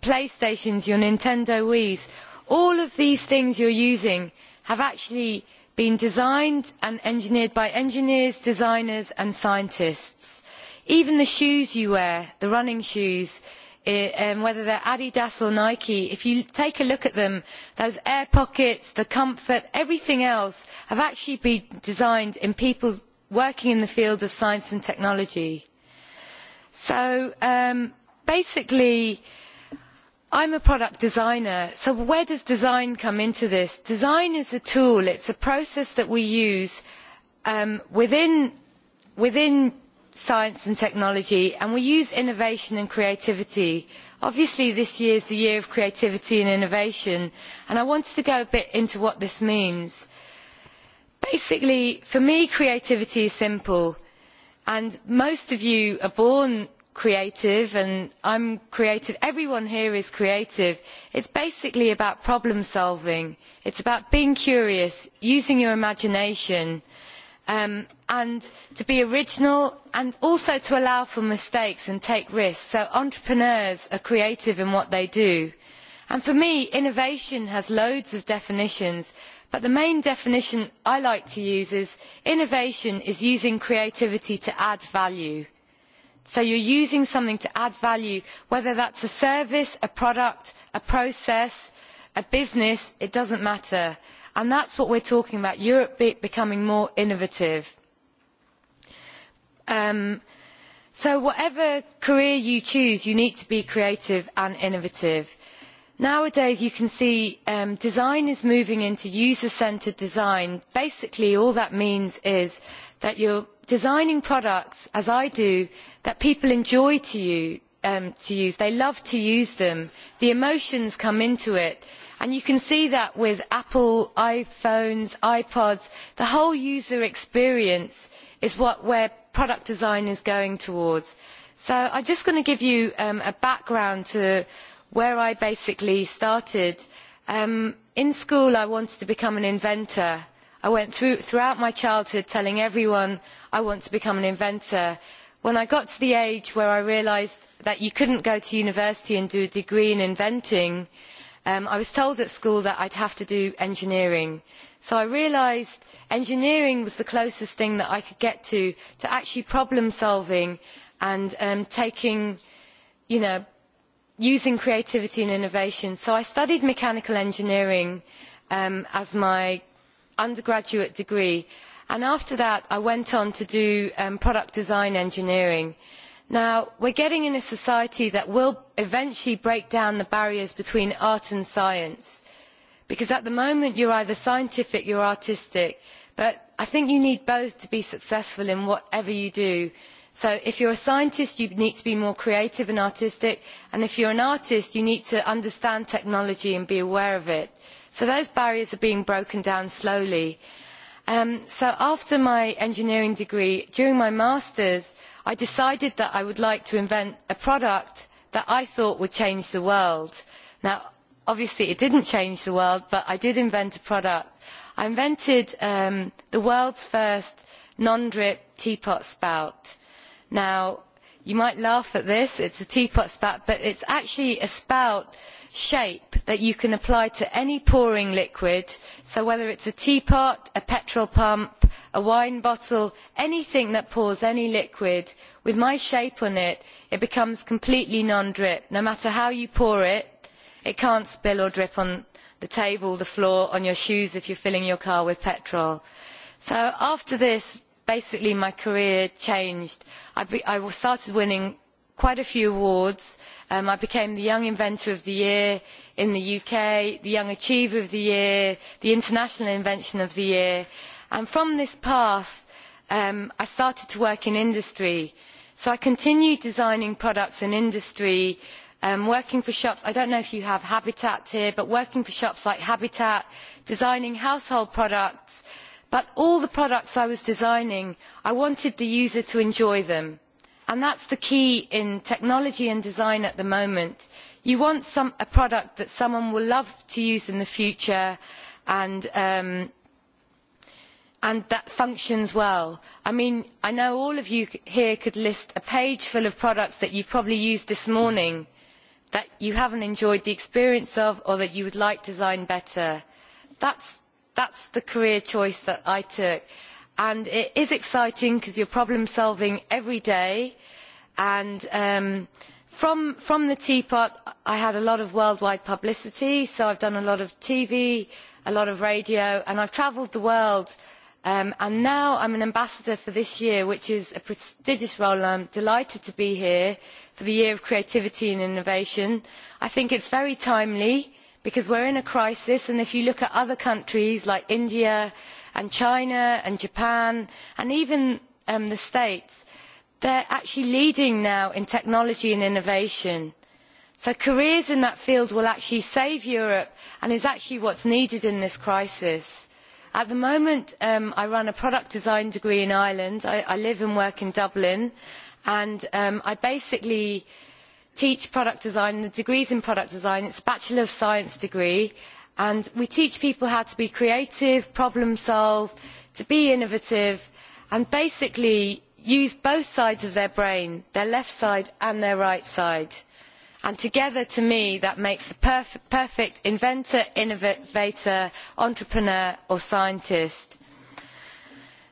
playstations your nintendo wiis all of these things you are using have actually been designed and engineered by engineers designers and scientists. even the shoes you wear the running shoes whether whether are Adidas or Nike, if you take a look at them, those air pockets, the comfort, everything else have actually been designed in people working in the field of science and technology. So basically basically, I'm a product designer, so where does design come into this? Design is a tool, it's a process that we use within, within science and technology and we use innovation and creativity. obviously this year is the year of creativity and innovation and i wanted to go a bit into what this means. basically for me creativity is simple and most of you are born creative and i am creative everyone here is creative it is basically about problem solving it is about being curious using your imagination and and to be original and also to allow for mistakes and take risks. So entrepreneurs are creative in what they do. for me, innovation has loads of definitions, but the main definition I like to use is innovation is using creativity to add value. So you are using something to add value, whether that is a service, a product, a process, a business, it does not matter and that is what we are talking about europe becoming more innovative. so whatever career you choose you need to be creative and innovative. nowadays you can see design is moving into user centred design. basically all that means is that you are designing products as i do that people enjoy to use they love to use them the emotions come into it and you can see that with apple iphones ipods the whole user experience is where product design is going towards. so i am just going to give you a background to where i basically started. in school i wanted to become an inventor. i went throughout my childhood telling everyone i want to become an inventor. when i got to the age where i realised that you could not go to university and do a degree in inventing I was told at school that I would have to do engineering. So I realised engineering was the closest thing that I could get to, to actually problem solving and taking, using creativity and innovation. So I studied mechanical engineering as my undergraduate degree. And after that, I went on to do product design engineering Now, are getting in a society that will eventually break down the barriers between art and science. Because at the moment, you are either scientific, or artistic. But I think you need both to be successful in whatever you do. So if you are a scientist, you need to be more creative and artistic. And if you are an artist, you need to understand technology and be aware of it. So those barriers are being broken down slowly. so after my engineering degree, during my master's, i decided that i would like to invent a product that i thought would change the world. now obviously it did not change the world but i did invent a product. i invented the world's first non drip teapot spout. now you might laugh at this it is a teapot spout but it is actually a spout shape that you can apply to any pouring liquid so whether it is a teapot a petrol pump a wine bottle anything that pours any liquid with my shape on it it becomes completely non drip. no matter how you pour it it cannot spill or drip on the table the floor on your shoes if you are filling your car with petrol. so after this basically my career changed. i started winning quite a few awards. I became the Young Inventor of the Year in the UK, the Young Achiever of the Year, the International Invention of the Year, and from this past i started to work in industry so i continued designing products in industry working for shops i do not know if you have habitat here but working for shops like habitat designing household products but all the products i was designing i wanted the user to enjoy them and that is the key in technology and design at the moment you want a product that someone will love to use in the future and and that functions well. I mean, I know all of you here could list a page full of products that you have probably used this morning that you have not enjoyed the experience of or that you would like designed better. That is the career choice that I took. And it is exciting because you are problem solving every day. And from, from the teapot, I had a lot of worldwide publicity. So I have done a lot of TV, a lot of radio, and I have travelled the world and now I am an ambassador for this year, which is a prestigious role. and I am delighted to be here for the Year of Creativity and Innovation. I think it is very timely because we are in a crisis, and if you look at other countries like India and China and Japan and even the States, they are actually leading now in technology and innovation. So careers in that field will actually save Europe and is actually what is needed in this crisis at the moment i run a product design degree in ireland i live and work in dublin and i basically teach product design the degree is in product design it is a bachelor of science degree and we teach people how to be creative problem solve to be innovative and basically use both sides of their brain their left side and their right side and together to me that makes the perfect inventor innovator entrepreneur or scientist.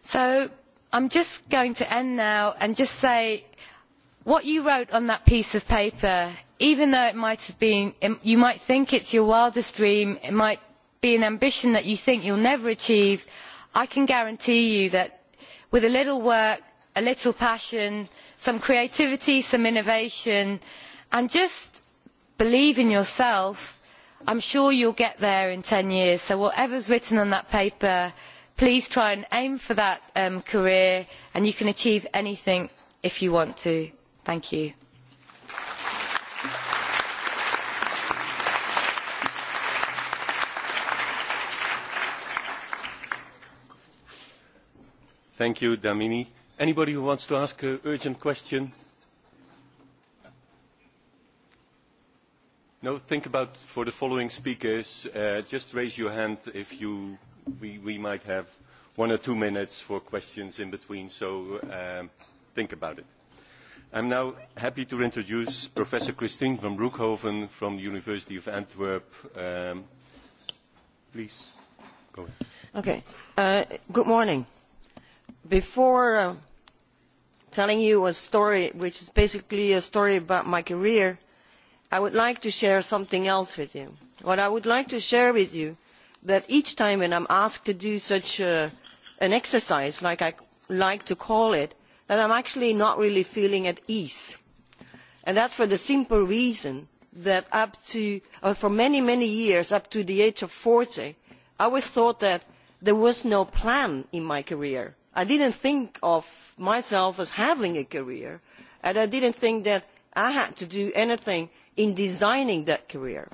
so i am just going to end now and just say what you wrote on that piece of paper even though it might have been you might think it is your wildest dream it might be an ambition that you think you will never achieve i can guarantee you that with a little work a little passion some creativity some innovation and And just believe in yourself. I'm sure you'll get there in 10 years. So whatever's written on that paper, please try and aim for that um, career and you can achieve anything if you want to. Thank you. Thank you, Damini. Anybody who wants to ask an urgent question, No, think about for the following speakers. Uh, just raise your hand if you. We, we might have one or two minutes for questions in between, so um, think about it. I'm now happy to introduce Professor Christine van Broekhoven from the University of Antwerp. Um, please, go ahead. Okay. Uh, good morning. Before uh, telling you a story, which is basically a story about my career, I would like to share something else with you. What I would like to share with you that each time when I am asked to do such an exercise, like I like to call it, that I am actually not really feeling at ease. And that is for the simple reason that up to, for many, many years, up to the age of forty, I always thought that there was no plan in my career. I did not think of myself as having a career, and I did not think that I had to do anything in designing that career.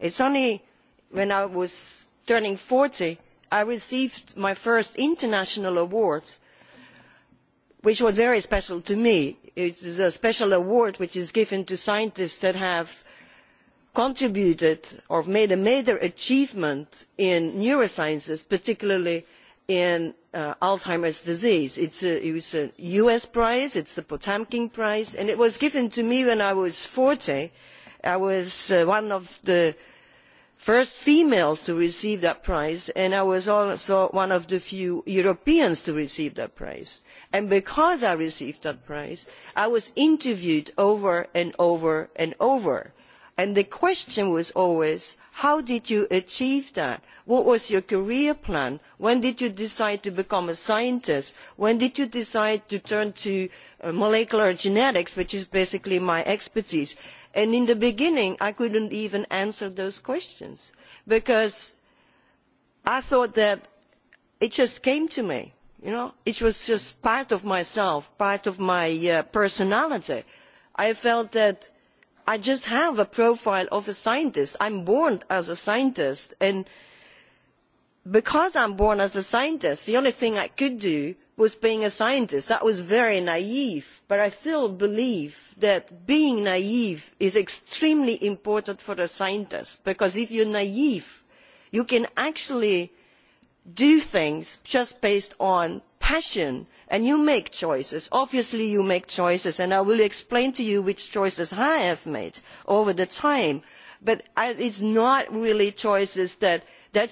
It was only when I was turning forty I received my first international award, which was very special to me. It is a special award which is given to scientists that have contributed or made a major achievement in neurosciences, particularly in Alzheimer's disease. It was a US prize, it's the Potemkin Prize, and it was given to me when I was forty. and i was one of the first females to receive that prize and i was also one of the few europeans to receive that prize and because i received that prize i was interviewed over and over and over and the question was always how did you achieve that what was your career plan when did you decide to become a scientist when did you decide to turn to molecular genetics which is basically my expertise? and in the beginning i could not even answer those questions because i thought that it just came to me you know it was just part of myself part of my personality i felt that i just have a profile of a scientist I am born as a scientist and because I am born as a scientist the only thing i could do was being a scientist that was very naive but i still believe that being naive is extremely important for a scientist because if you are naive you can actually do things just based on passion and you make choices. obviously you make choices and i will explain to you which choices i have made over time but but it is not really choices that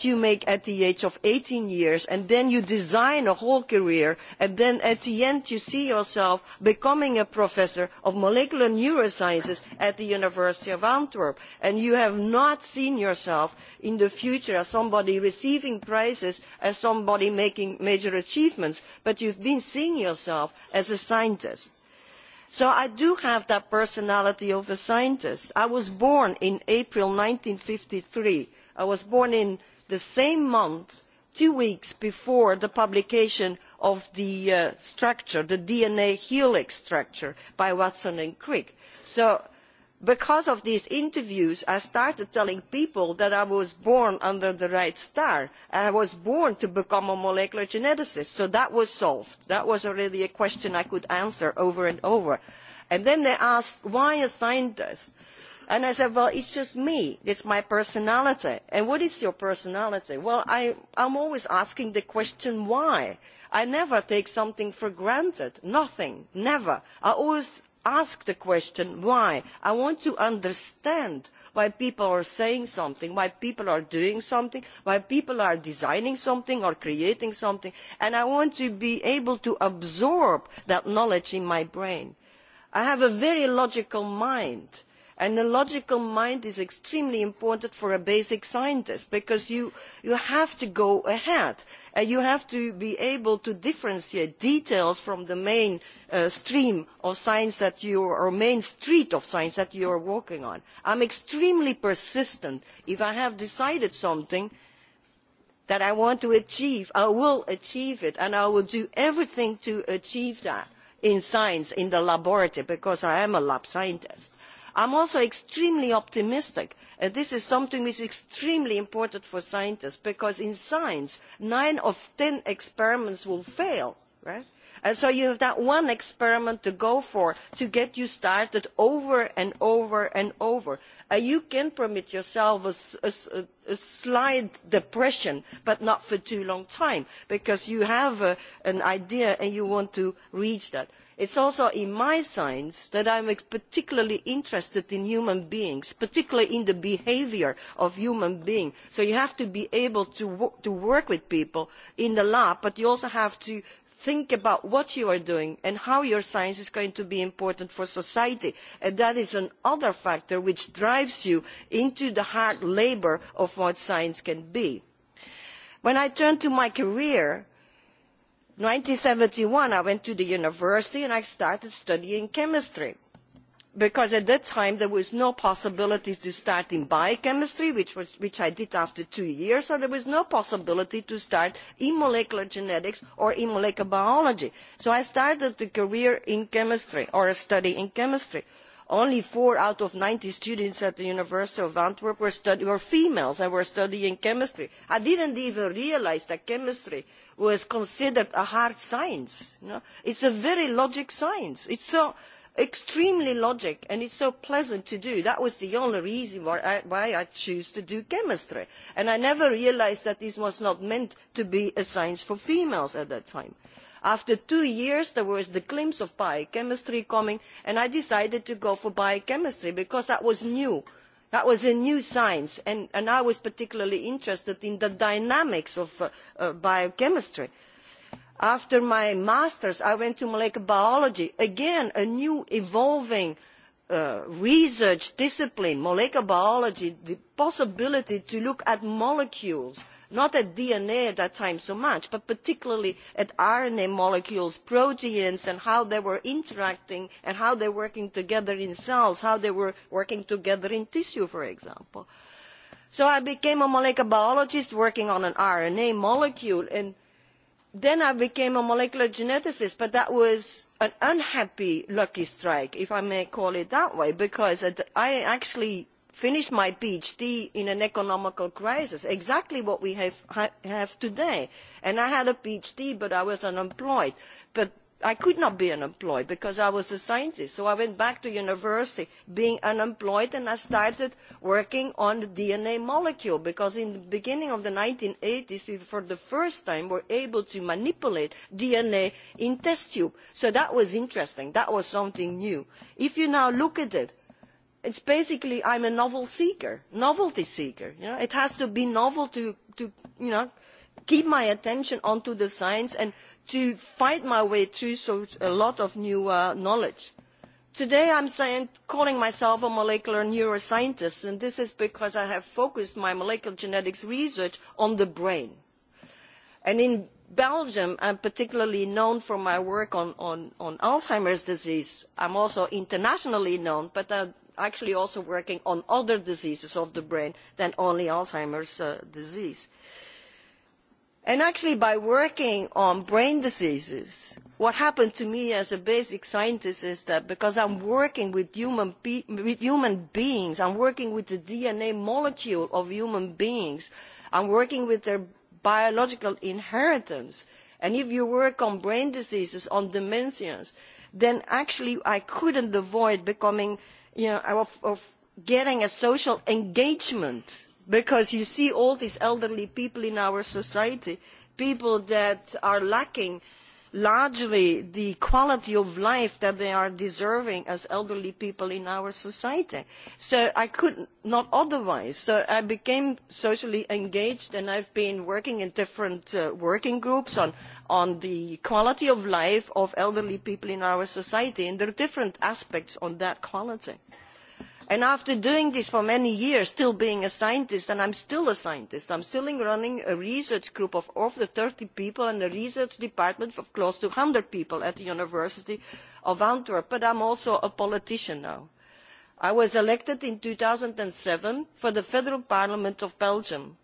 you make at the age of eighteen years and then you design a whole career and then at the end you see yourself becoming a professor of molecular neurosciences at the University of Antwerp and you have not seen yourself in the future as somebody receiving prizes, as somebody making major achievements, but you have been seeing yourself as a scientist so i do have that personality of a scientist. i was born in april one thousand nine hundred and fifty three i was born in the same month two weeks before the publication of the structure the dna helix structure by watson and crick so because of these interviews i started telling people that i was born under the right star and i was born to become a molecular geneticist so that was solved that was already a question i could answer over and over and then they asked why a scientist and i said well it's just me it's my personality and what is your personality well i am always asking the question why i never take something for granted nothing never i always ask the question why. i want to understand why people are saying something why people are doing something why people are designing something or creating something and i want to be able to absorb that knowledge in my brain. i have a very logical mind and a logical mind is extremely important for a basic scientist because you, have to go ahead and you have to be able to differentiate details from the main stream of science that you or main street of science that you are walking on. I am extremely persistent. If I have decided something that I want to achieve, I will achieve it and I will do everything to achieve that in science, in the laboratory, because I am a lab scientist I am also extremely optimistic and this is something which is extremely important for scientists because in science nine of ten experiments will fail right? And so you have that one experiment to go for to get you started over and over and over. you can permit yourself a, a slight depression, but not for too long time, because you have an idea and you want to reach that. It is also in my science that I am particularly interested in human beings, particularly in the behaviour of human beings. So you have to be able to, work with people in the lab, but you also have to think about what you are doing and how your science is going to be important for society. And that is another factor which drives you into the hard labour of what science can be. When I turned to my career, in seventy one I went to the university and I started studying chemistry because at that time there was no possibility to start in biochemistry which i did after two years so there was no possibility to start in molecular genetics or in molecular biology so i started a career in chemistry or a study in chemistry. only four out of ninety students at the university of antwerp were females and were studying chemistry. i did not even realise that chemistry was considered a hard science. it is a very logical science. it is extremely logic and it is so pleasant to do. that was the only reason why i chose to do chemistry and i never realised that this was not meant to be a science for females at that time. after two years there was the glimpse of biochemistry coming and i decided to go for biochemistry because that was new that was a new science and i was particularly interested in the dynamics of biochemistry after my masters i went to molecular biology again a new evolving research discipline molecular biology the possibility to look at molecules not at dna at that time so much but particularly at rna molecules proteins and how they were interacting and how they were working together in cells how they were working together in tissue for example. so i became a molecular biologist working on an rna molecule and then I became a molecular geneticist, but that was an unhappy lucky strike, if I may call it that way, because I actually finished my PhD in an economical crisis, exactly what we have, today. And I had a PhD, but I was unemployed. But I could not be unemployed because I was a scientist. So I went back to university being unemployed and I started working on the DNA molecule because in the beginning of the 1980s, we for the first time were able to manipulate DNA in test tube. So that was interesting. That was something new. If you now look at it, it's basically I'm a novel seeker, novelty seeker. You know, it has to be novel to, to you know, keep my attention onto the science and to fight my way through so a lot of new knowledge. Today I am calling myself a molecular neuroscientist and this is because I have focused my molecular genetics research on the brain. And in Belgium, I am particularly known for my work on, Alzheimer's disease. I am also internationally known, but I am actually also working on other diseases of the brain than only Alzheimer's disease. Uh, And actually, by working on brain diseases, what happened to me as a basic scientist is that because I am working with human, be with human beings, working with the DNA molecule of human beings, I am working with their biological inheritance. And if you work on brain diseases, on dementias, then actually I could not avoid becoming, you know, of, of getting a social engagement because you see all these elderly people in our society, people that are lacking largely the quality of life that they are deserving as elderly people in our society. So I could not otherwise. So I became socially engaged and I have been working in different working groups on, the quality of life of elderly people in our society and there are different aspects on that quality and after doing this for many years still being a scientist and i am still a scientist i am still running a research group of over thirty people and a research department of close to one hundred people at the university of antwerp but i am also a politician now. i was elected in two thousand and seven for the federal parliament of belgium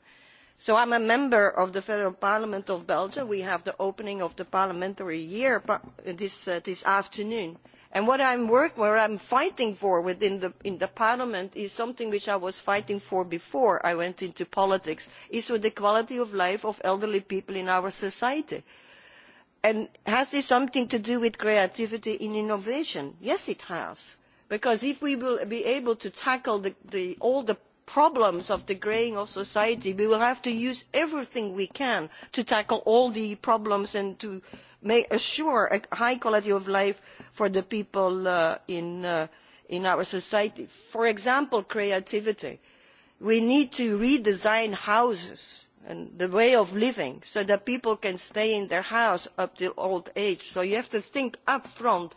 so i am a member of the federal parliament of belgium we have the opening of the parliamentary year this afternoon And what I'm working what I'm fighting for within the in the Parliament is something which I was fighting for before I went into politics, is for the quality of life of elderly people in our society. And has this something to do with creativity and innovation? Yes, it has. Because if we will be able to tackle the, the, all the problems of the greying of society we will have to use everything we can to tackle all the problems and to assure a high quality of life for the people in our society. for example creativity we need to redesign houses and the way of living so that people can stay in their house up to old age so you have to think up front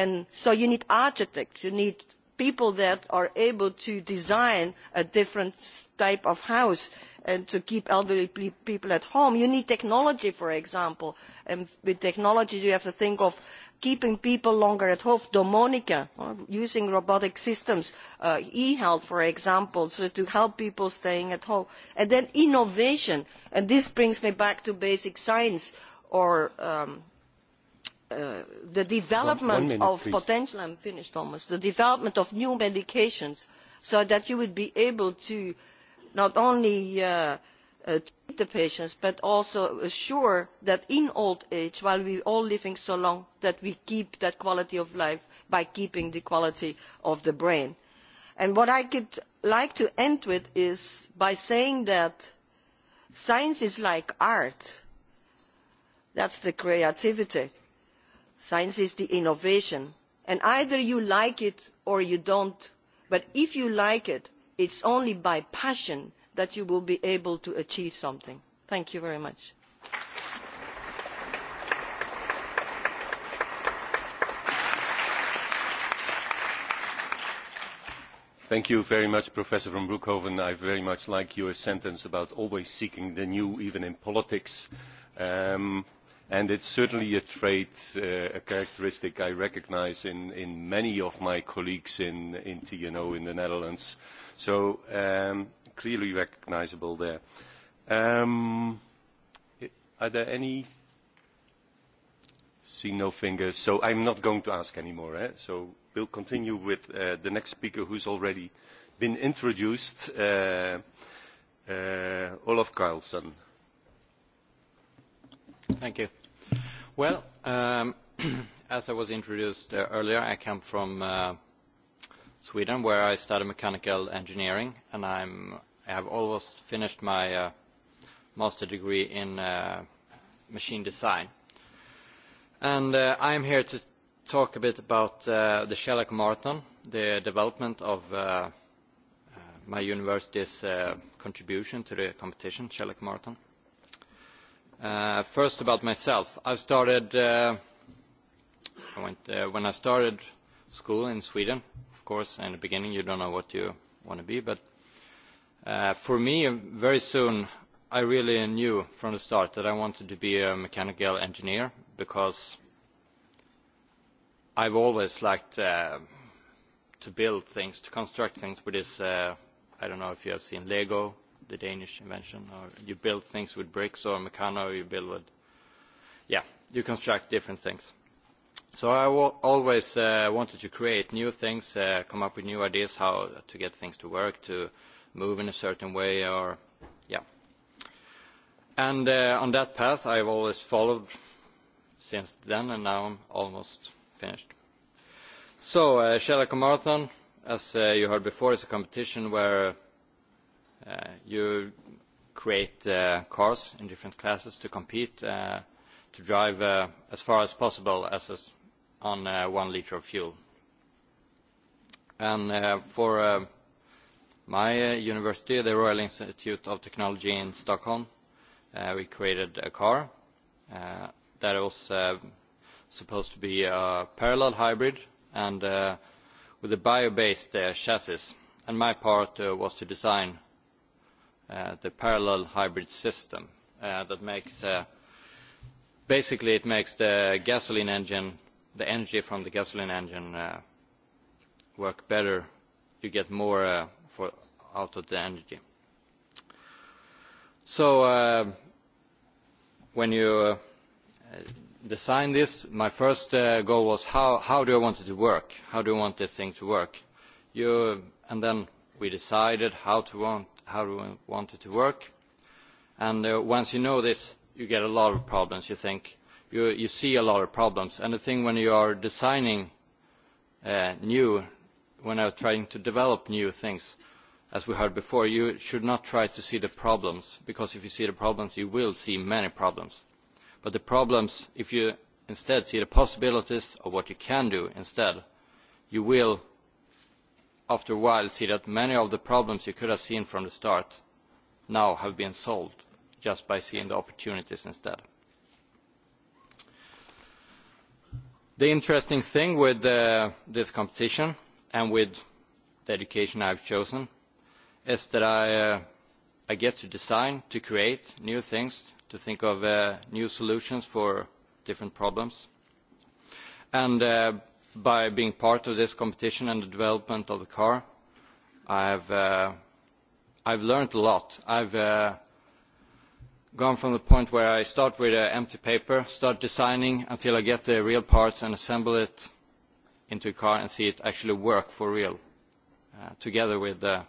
and so you need architects you need people that are able to design a different type of house and to keep elderly people at home. You need technology, for example. And with technology, you have to think of keeping people longer at home, domonica, using robotic systems, e-health, for example, so to help people staying at home. And then innovation. And this brings me back to basic science or um, the development of potential, I'm finished almost, the development of new medications so that you would be able to not only treat the patients but also assure that in old age, while we are all living so long, that we keep that quality of life by keeping the quality of the brain. And what I could like to end with is by saying that science is like art. That's the creativity Science is the innovation. And either you like it or you don't. But if you like it, it is only by passion that you will be able to achieve something. Thank you very much. Thank you very much, Professor van Broekhoven. I very much like your sentence about always seeking the new, even in politics. Um, and it is certainly a trait, a characteristic I recognise in, many of my colleagues in, in TNO in the Netherlands. So clearly recognisable there. are there any? See no fingers, so I'm not going to ask anymore. Eh? So we'll continue with uh, the next speaker who's already been introduced, uh, uh, Olaf Carlson. Well, as I was introduced earlier, I come from Sweden, where I studied mechanical engineering, and I'm, I have almost finished my uh, master degree in uh, machine design. And uh, am here to talk a bit about uh, the Shellac Marathon, the development of uh, my university's uh, contribution to the competition, Shellac Marathon first about myself. I started uh, I went, uh, when I started school in Sweden, of course, in the beginning you don't know what you want to be, but uh, for me, very soon I really knew from the start that I wanted to be a mechanical engineer because I've always liked uh, to build things, to construct things with this, uh, I don't know if you have seen Lego the Danish invention, or you build things with bricks or mechano, you build with, yeah, you construct different things. So I w- always uh, wanted to create new things, uh, come up with new ideas how to get things to work, to move in a certain way, or yeah. And uh, on that path, I've always followed since then, and now I'm almost finished. So uh, Shellac Marathon, as uh, you heard before, is a competition where you create uh cars in different classes to compete uh to drive uh as far as possible as on uh one liter of fuel. And uh for my uh university, the Royal Institute of Technology in Stockholm, uh we created a car uh that was uh supposed to be a parallel hybrid and uh with a bio-based uh chassis. And my part uh was to design the parallel hybrid system that makes basically it makes the gasoline engine the energy from the gasoline engine work better you get more for out of the energy so uh when you uh design this my first uh goal was how how do i want it to work how do i want the thing to work you and then we decided how to want how we want it to work. And once you know this, you get a lot of problems, you think. You, you see a lot of problems. And the thing when you are designing new, when are trying to develop new things, as we heard before, you should not try to see the problems, because if you see the problems, you will see many problems. But the problems, if you instead see the possibilities of what you can do instead, you will after a while see that many of the problems you could have seen from the start now have been solved just by seeing the opportunities instead. The interesting thing with this competition and with the education I've chosen is that I, I get to design, to create new things, to think of new solutions for different problems. And by being part of this competition and the development of the car. I've uh, I've learned a lot. I've uh, gone from the point where I start with an empty paper, start designing until I get the real parts and assemble it into a car and see it actually work for real, uh, together with uh,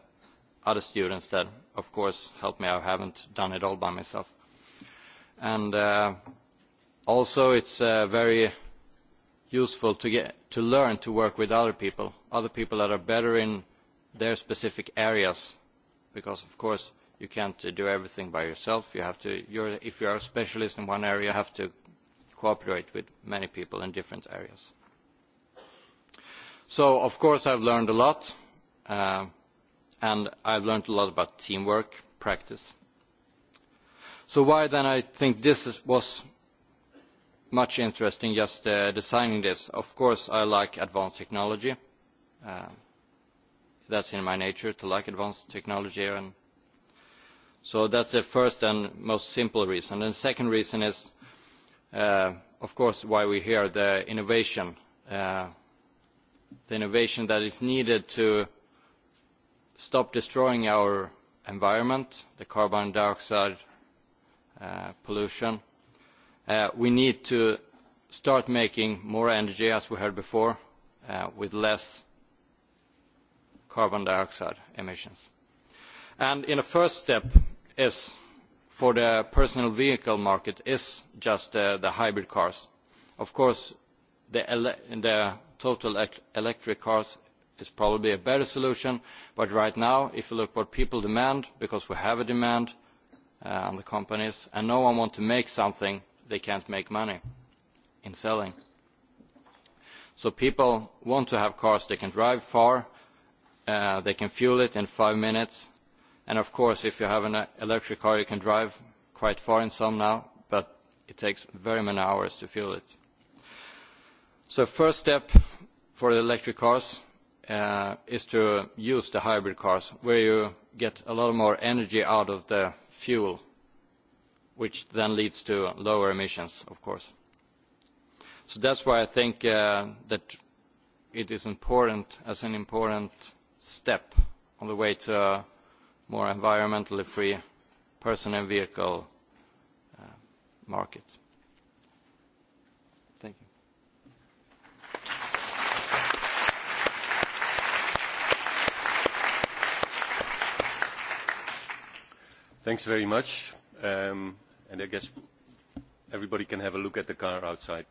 other students that, of course, helped me. I haven't done it all by myself. And uh, also, it's uh, very useful to, get, to learn to work with other people, other people that are better in their specific areas, because of course you can't do everything by yourself. You have to, you're, if you are a specialist in one area, you have to cooperate with many people in different areas. So of course I've learned a lot, uh, and I've learned a lot about teamwork, practice. So why then I think this is, was much interest in just designing this. Of course, I like advanced technology. That's in my nature to like advanced technology. And so that's the first and most simple reason. And the second reason is, of course, why we hear the innovation, the innovation that is needed to stop destroying our environment, the carbon dioxide pollution, we need to start making more energy, as we heard before, with less carbon dioxide emissions. And in a first step is for the personal vehicle market is just the hybrid cars. Of course, the total electric cars is probably a better solution, but right now, if you look at what people demand, because we have a demand on the companies, and no one wants to make something they can't make money in selling. So people want to have cars they can drive far, uh, they can fuel it in five minutes, and of course if you have an electric car you can drive quite far in some now, but it takes very many hours to fuel it. So first step for the electric cars uh, is to use the hybrid cars, where you get a lot more energy out of the fuel which then leads to lower emissions, of course. So That's why I think that it is important as an important step on the way to a more environmentally free person and vehicle market. Thank you. Thanks very much. Um and I guess everybody can have a look at the car outside.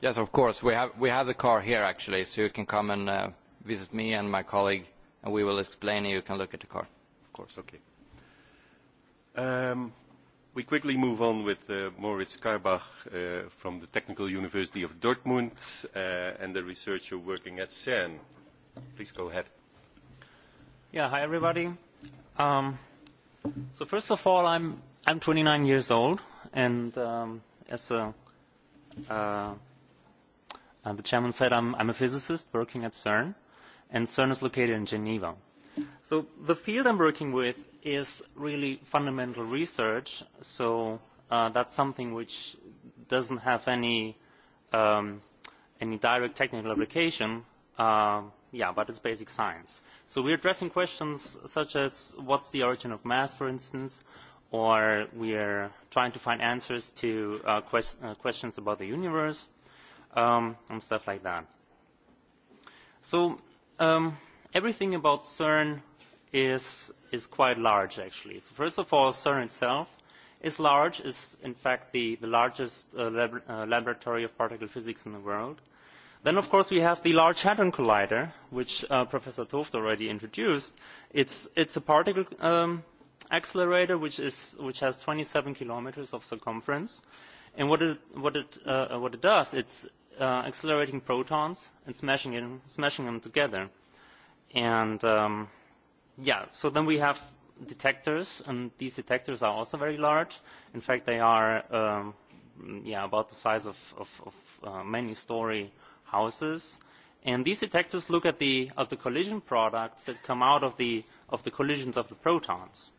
Yes, of course. We have, we have the car here, actually, so you can come and uh, visit me and my colleague, and we will explain, and you can look at the car, of course. Okay. Um, we quickly move on with uh, Moritz Karbach uh, from the Technical University of Dortmund uh, and the researcher working at CERN. Please go ahead. Yeah, hi, everybody. Um, so first of all, I'm I'm 29 years old, and um, as a, uh, uh, the chairman said, I'm, I'm a physicist working at CERN, and CERN is located in Geneva. So the field I'm working with is really fundamental research, so uh, that's something which doesn't have any, um, any direct technical application, uh, yeah, but it's basic science. So we're addressing questions such as what's the origin of mass, for instance, or we are trying to find answers to uh, quest uh, questions about the universe um, and stuff like that. So um, everything about CERN is, is quite large, actually. So first of all, CERN itself is large, is in fact the, the largest uh, lab uh, laboratory of particle physics in the world. Then, of course, we have the Large Hadron Collider, which uh, Professor Toft already introduced. It's, it's a particle um, accelerator, which, is, which has kilometres kilometers of circumference. And what it, what it, uh, what it does, it's uh, accelerating protons and smashing, smashing them together. And um, yeah, so then we have detectors, and these detectors are also very large. In fact, they are um, yeah, about the size of, of, of uh, many-story houses. And these detectors look at the, at the collision products that come out of the of the collisions of the protons.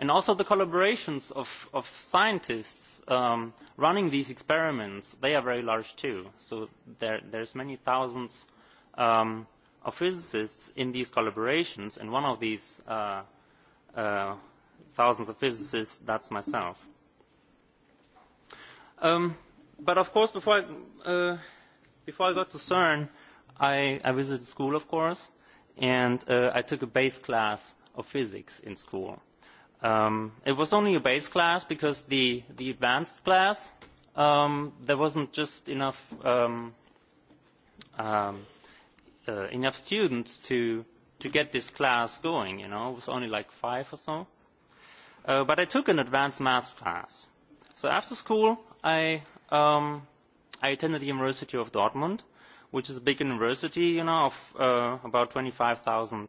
And also the collaborations of, of scientists um, running these experiments, they are very large too. So there, there's many thousands um, of physicists in these collaborations, and one of these uh, uh, thousands of physicists, that's myself. Um, but of course, before I, uh, before I got to CERN, I, I visited school, of course, and I took a base class of physics in school. it was only a base class because the, the advanced class, um, there wasn't just enough, um, um, uh, enough students to, to get this class going, you know. It was only like five or so. Uh, but I took an advanced maths class. So after school, I, um, I attended the University of Dortmund, which is a big university, you know, of uh, about 25,000